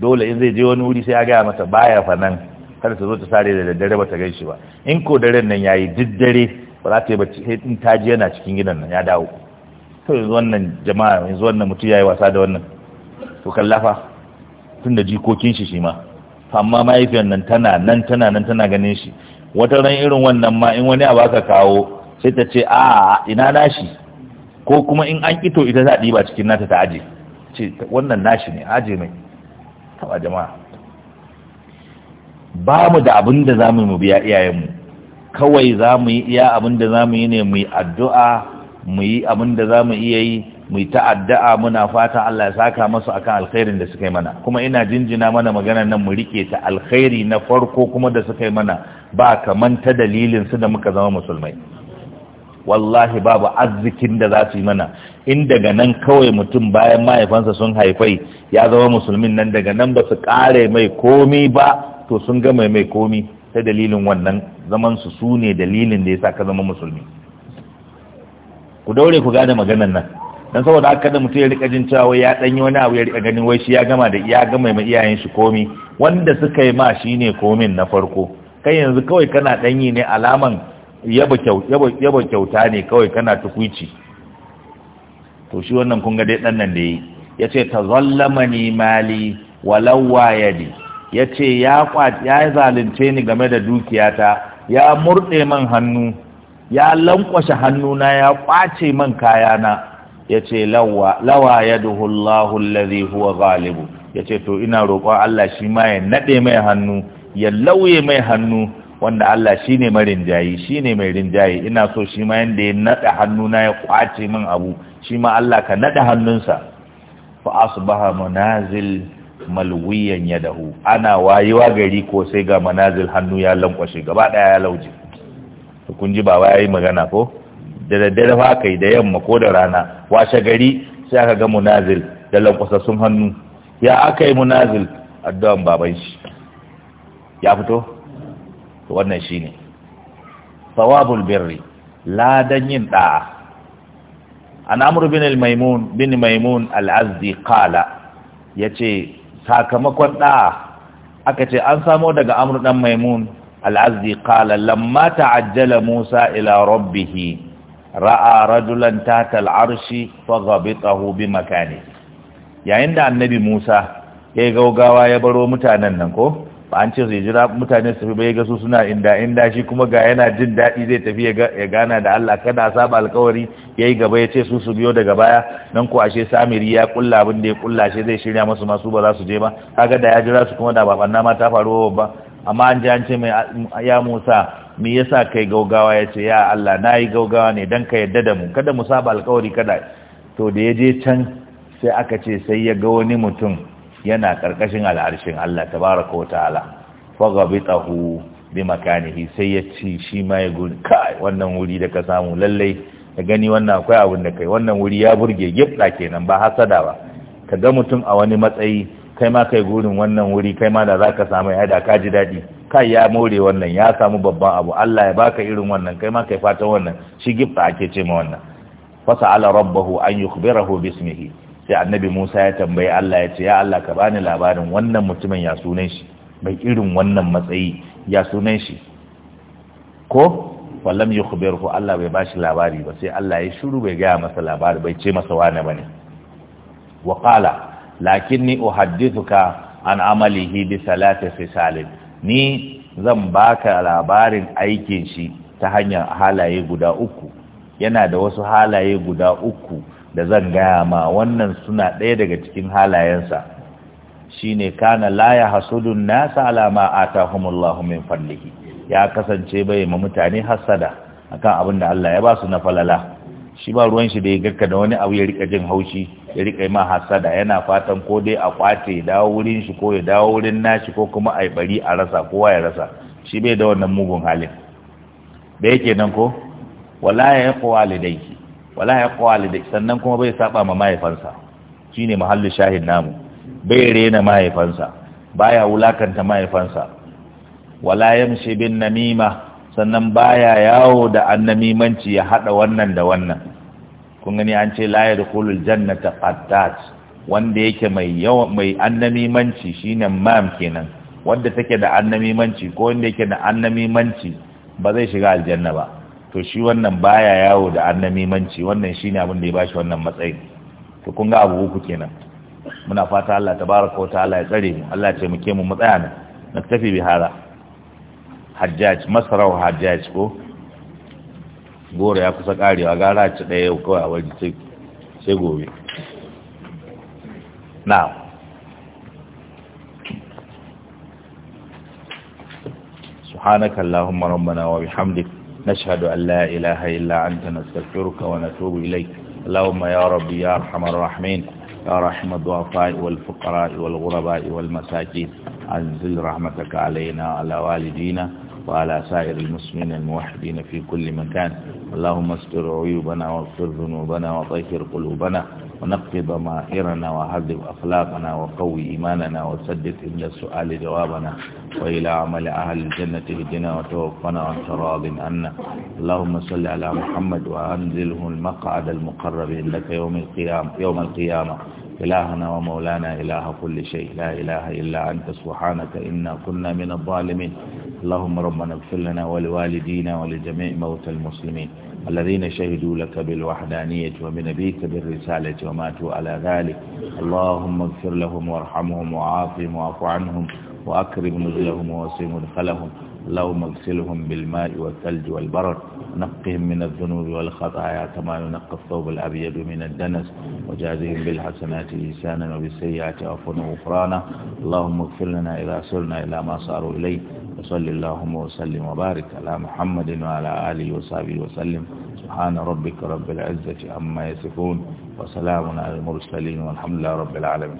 dole in zai je wani wuri sai ya gaya mata baya fa nan kada ta zo ta sare da daddare ta ganshi ba in ko daren nan yayi yi diddare ba za ta yi ba sai in ta ji yana cikin gidan nan ya dawo to yanzu wannan jama'a yanzu wannan mutum yayi wasa da wannan to kallafa tun da jikokin shi shi ma amma mahaifiyar nan tana nan tana nan tana ganin shi wata ran irin wannan ma in wani abu aka kawo sai ta ce a ina nashi ko kuma in an kito ita za a cikin nata ta aje ce wannan nashi ne aje mai taba jama'a ba mu da abin da za mu biya iyayenmu kawai za mu yi iya abin da za mu yi ne mu yi addu'a mu yi abin da za mu iya yi mu yi ta'adda'a muna fata Allah ya saka masu akan alkhairin da suka yi mana kuma ina jinjina mana magana nan mu rike ta alkhairi na farko kuma da suka yi mana ba kaman ta dalilin su da muka zama musulmai wallahi babu arzikin da za su yi mana in daga nan kawai mutum bayan mahaifansa sun haifai ya zama musulmin nan daga nan ba su kare mai komi ba to sun gama mai komi ta dalilin wannan zaman su su ne dalilin da ya sa ka zama musulmi ku daure ku gane maganar nan dan saboda haka da mutum ya rika jin cewa wai ya danyi wani abu ya rika ganin wai shi ya gama da ya gama mai iyayen shi komi wanda suka yi ma shine komin na farko kai yanzu kawai kana danyi ne alaman yaba kyauta ne kawai kana tukuici to shi wannan kun ga dai dan nan da yi yace tazallamani mali walau wayadi yace ya ya zalunce ni game da dukiyata ya murde man hannu ya lankwashe hannuna ya kwace man kayana ya ce lawa ya duhullahu lalzi huwa galibu ya ce to ina roƙon Allah shi ma ya naɗe mai hannu ya lauye mai hannu wanda Allah shi ne marin jayi shi ne mai jayi. ina so shi ma yadda ya naɗe hannuna ya kwace man abu shi ma Allah ka naɗe hannunsa fa asbaha manazil malwiyan dahu. ana wayewa gari ko sai ga manazil hannu ya lankwashe gaba ɗaya ya lauje to kun ji baba yi magana ko da daddare fa kai da yamma ko da rana washe gari sai aka ga munazil da sun hannu ya aka yi munazil addu'an baban shi ya fito to wannan shine sawabul birri ladan yin da'a an amru bin maimun bin maimun al-azdi qala yace sakamakon da'a aka ce an samo daga amru dan maimun العزي قال لما تعجل موسى إلى ربه ra'a rajulan tatal arshi faghabitahu bi makani yayin da annabi Musa ya gaugawa ya baro mutanen nan ko ba an ce su jira mutane su bai ga su suna inda inda shi kuma ga yana jin daɗi zai tafi ya gana da Allah kada saba alkawari yayi gaba ya ce su su biyo daga baya nan ko ashe Samiri ya kulla abin da ya kulla shi zai shirya masu masu ba za su je ba kaga da ya jira su kuma da babanna ma ta faru ba amma an ji an ce mai ya Musa me yasa kai gaugawa ya ce ya Allah na yi gaugawa ne don ka yadda da mu kada mu saba alkawari kada to da ya je can sai aka ce sai ya ga wani mutum yana karkashin al'arshin Allah tabaraka wa ta'ala tsahu bi makanihi sai ya ci shi ma ya gudu kai wannan wuri da ka samu lallai ka gani wannan akwai abin da kai wannan wuri ya burge gibda kenan ba hasada ba ka ga mutum a wani matsayi kai ma kai gurin wannan wuri kai ma da za ka samu ya da ka ji daɗi kai ya more wannan ya samu babban abu Allah ya baka irin wannan kai ma kai fatan wannan shi gifta ake ce ma wannan fasa ala rabbahu an yukhbirahu bismihi sai annabi Musa ya tambayi Allah ya ce ya Allah ka bani labarin wannan mutumin ya sunan shi mai irin wannan matsayi ya sunan shi ko wallam yukhbirhu Allah bai bashi labari ba sai Allah ya shiru bai ga masa labari bai ce masa wane bane wa qala lakini uhaddithuka an amalihi bi salati Salim. ni zan baka labarin aikin shi ta hanyar halaye guda uku yana da wasu halaye guda uku da zan gaya ma wannan suna ɗaya daga cikin halayensa shine kana la ya hasudun nasa ala ma atahumullahu min fadlihi ya kasance bai ma mutane hasada akan abin da Allah ya ba su na falala shi ba ruwan shi da ya garka da wani abu ya rika jin haushi ya rika ma hasada yana fatan ko dai a kwace ya dawo wurin shi ko ya dawo wurin nashi ko kuma a bari a rasa kowa ya rasa shi bai da wannan mugun halin da yake nan ko wala ya yaqwa walidayki wala ya yaqwa walidayki sannan kuma bai saba ma mahaifansa shine mahallu shahin namu bai rena mahaifansa baya wulakanta mahaifansa wala yamshi bin namima sannan baya yawo da annamimanci ya hada wannan da wannan kun gani an ce la yadkhulul jannata qattat wanda yake mai yawa mai annamimanci shine mam kenan wanda take da annamimanci ko wanda yake da annamimanci ba zai shiga aljanna ba to shi wannan baya yawo da annamimanci wannan shine abin da ya bashi wannan matsayi to kun ga abu uku kenan muna fata Allah tabaraka wa ta'ala ya tsare mu Allah ya taimake mu mu tsaya na naktafi bi hada hajjaj masarau hajjaj ko goro ya kusa karewa gara ci ɗaya kawai a waje sai gobe na suhanaka Allahun marambana wa bihamdik na shaɗu Allah ilaha illa an ta nasarfiruka wa na tobe ilai Allahun ma ya rabu ya rahamar rahmin ya rahimar duwafa iwal fukara iwal wuraba iwal masaki an zil rahmataka alaina ala walidina وعلى سائر المسلمين الموحدين في كل مكان اللهم استر عيوبنا واغفر ذنوبنا وطهر قلوبنا ونقض ضمائرنا وعذب أخلاقنا وقوي إيماننا وسدد إلى السؤال جوابنا وإلى عمل أهل الجنة بدنا وتوفنا وانت راض عنا اللهم صل على محمد وأنزله المقعد المقرب عندك يوم القيامة, يوم القيامة إلهنا ومولانا إله كل شيء لا إله إلا أنت سبحانك إنا كنا من الظالمين اللهم ربنا اغفر لنا ولوالدينا ولجميع موتى المسلمين الذين شهدوا لك بالوحدانية وبنبيك بالرسالة وماتوا على ذلك اللهم اغفر لهم وارحمهم وعافهم واعف عنهم وأكرم نزلهم ووسيم دخلهم اللهم اغسلهم بالماء والثلج والبرد نقهم من الذنوب والخطايا كما ينقى الثوب الأبيض من الدنس وجازهم بالحسنات لسانا وبالسيئات عفوا وغفرانا اللهم اغفر لنا إذا سرنا إلى ما صاروا إليه وصل اللهم وسلم وبارك على محمد وعلى آله وصحبه وسلم سبحان ربك رب العزة عما يصفون وسلام على المرسلين والحمد لله رب العالمين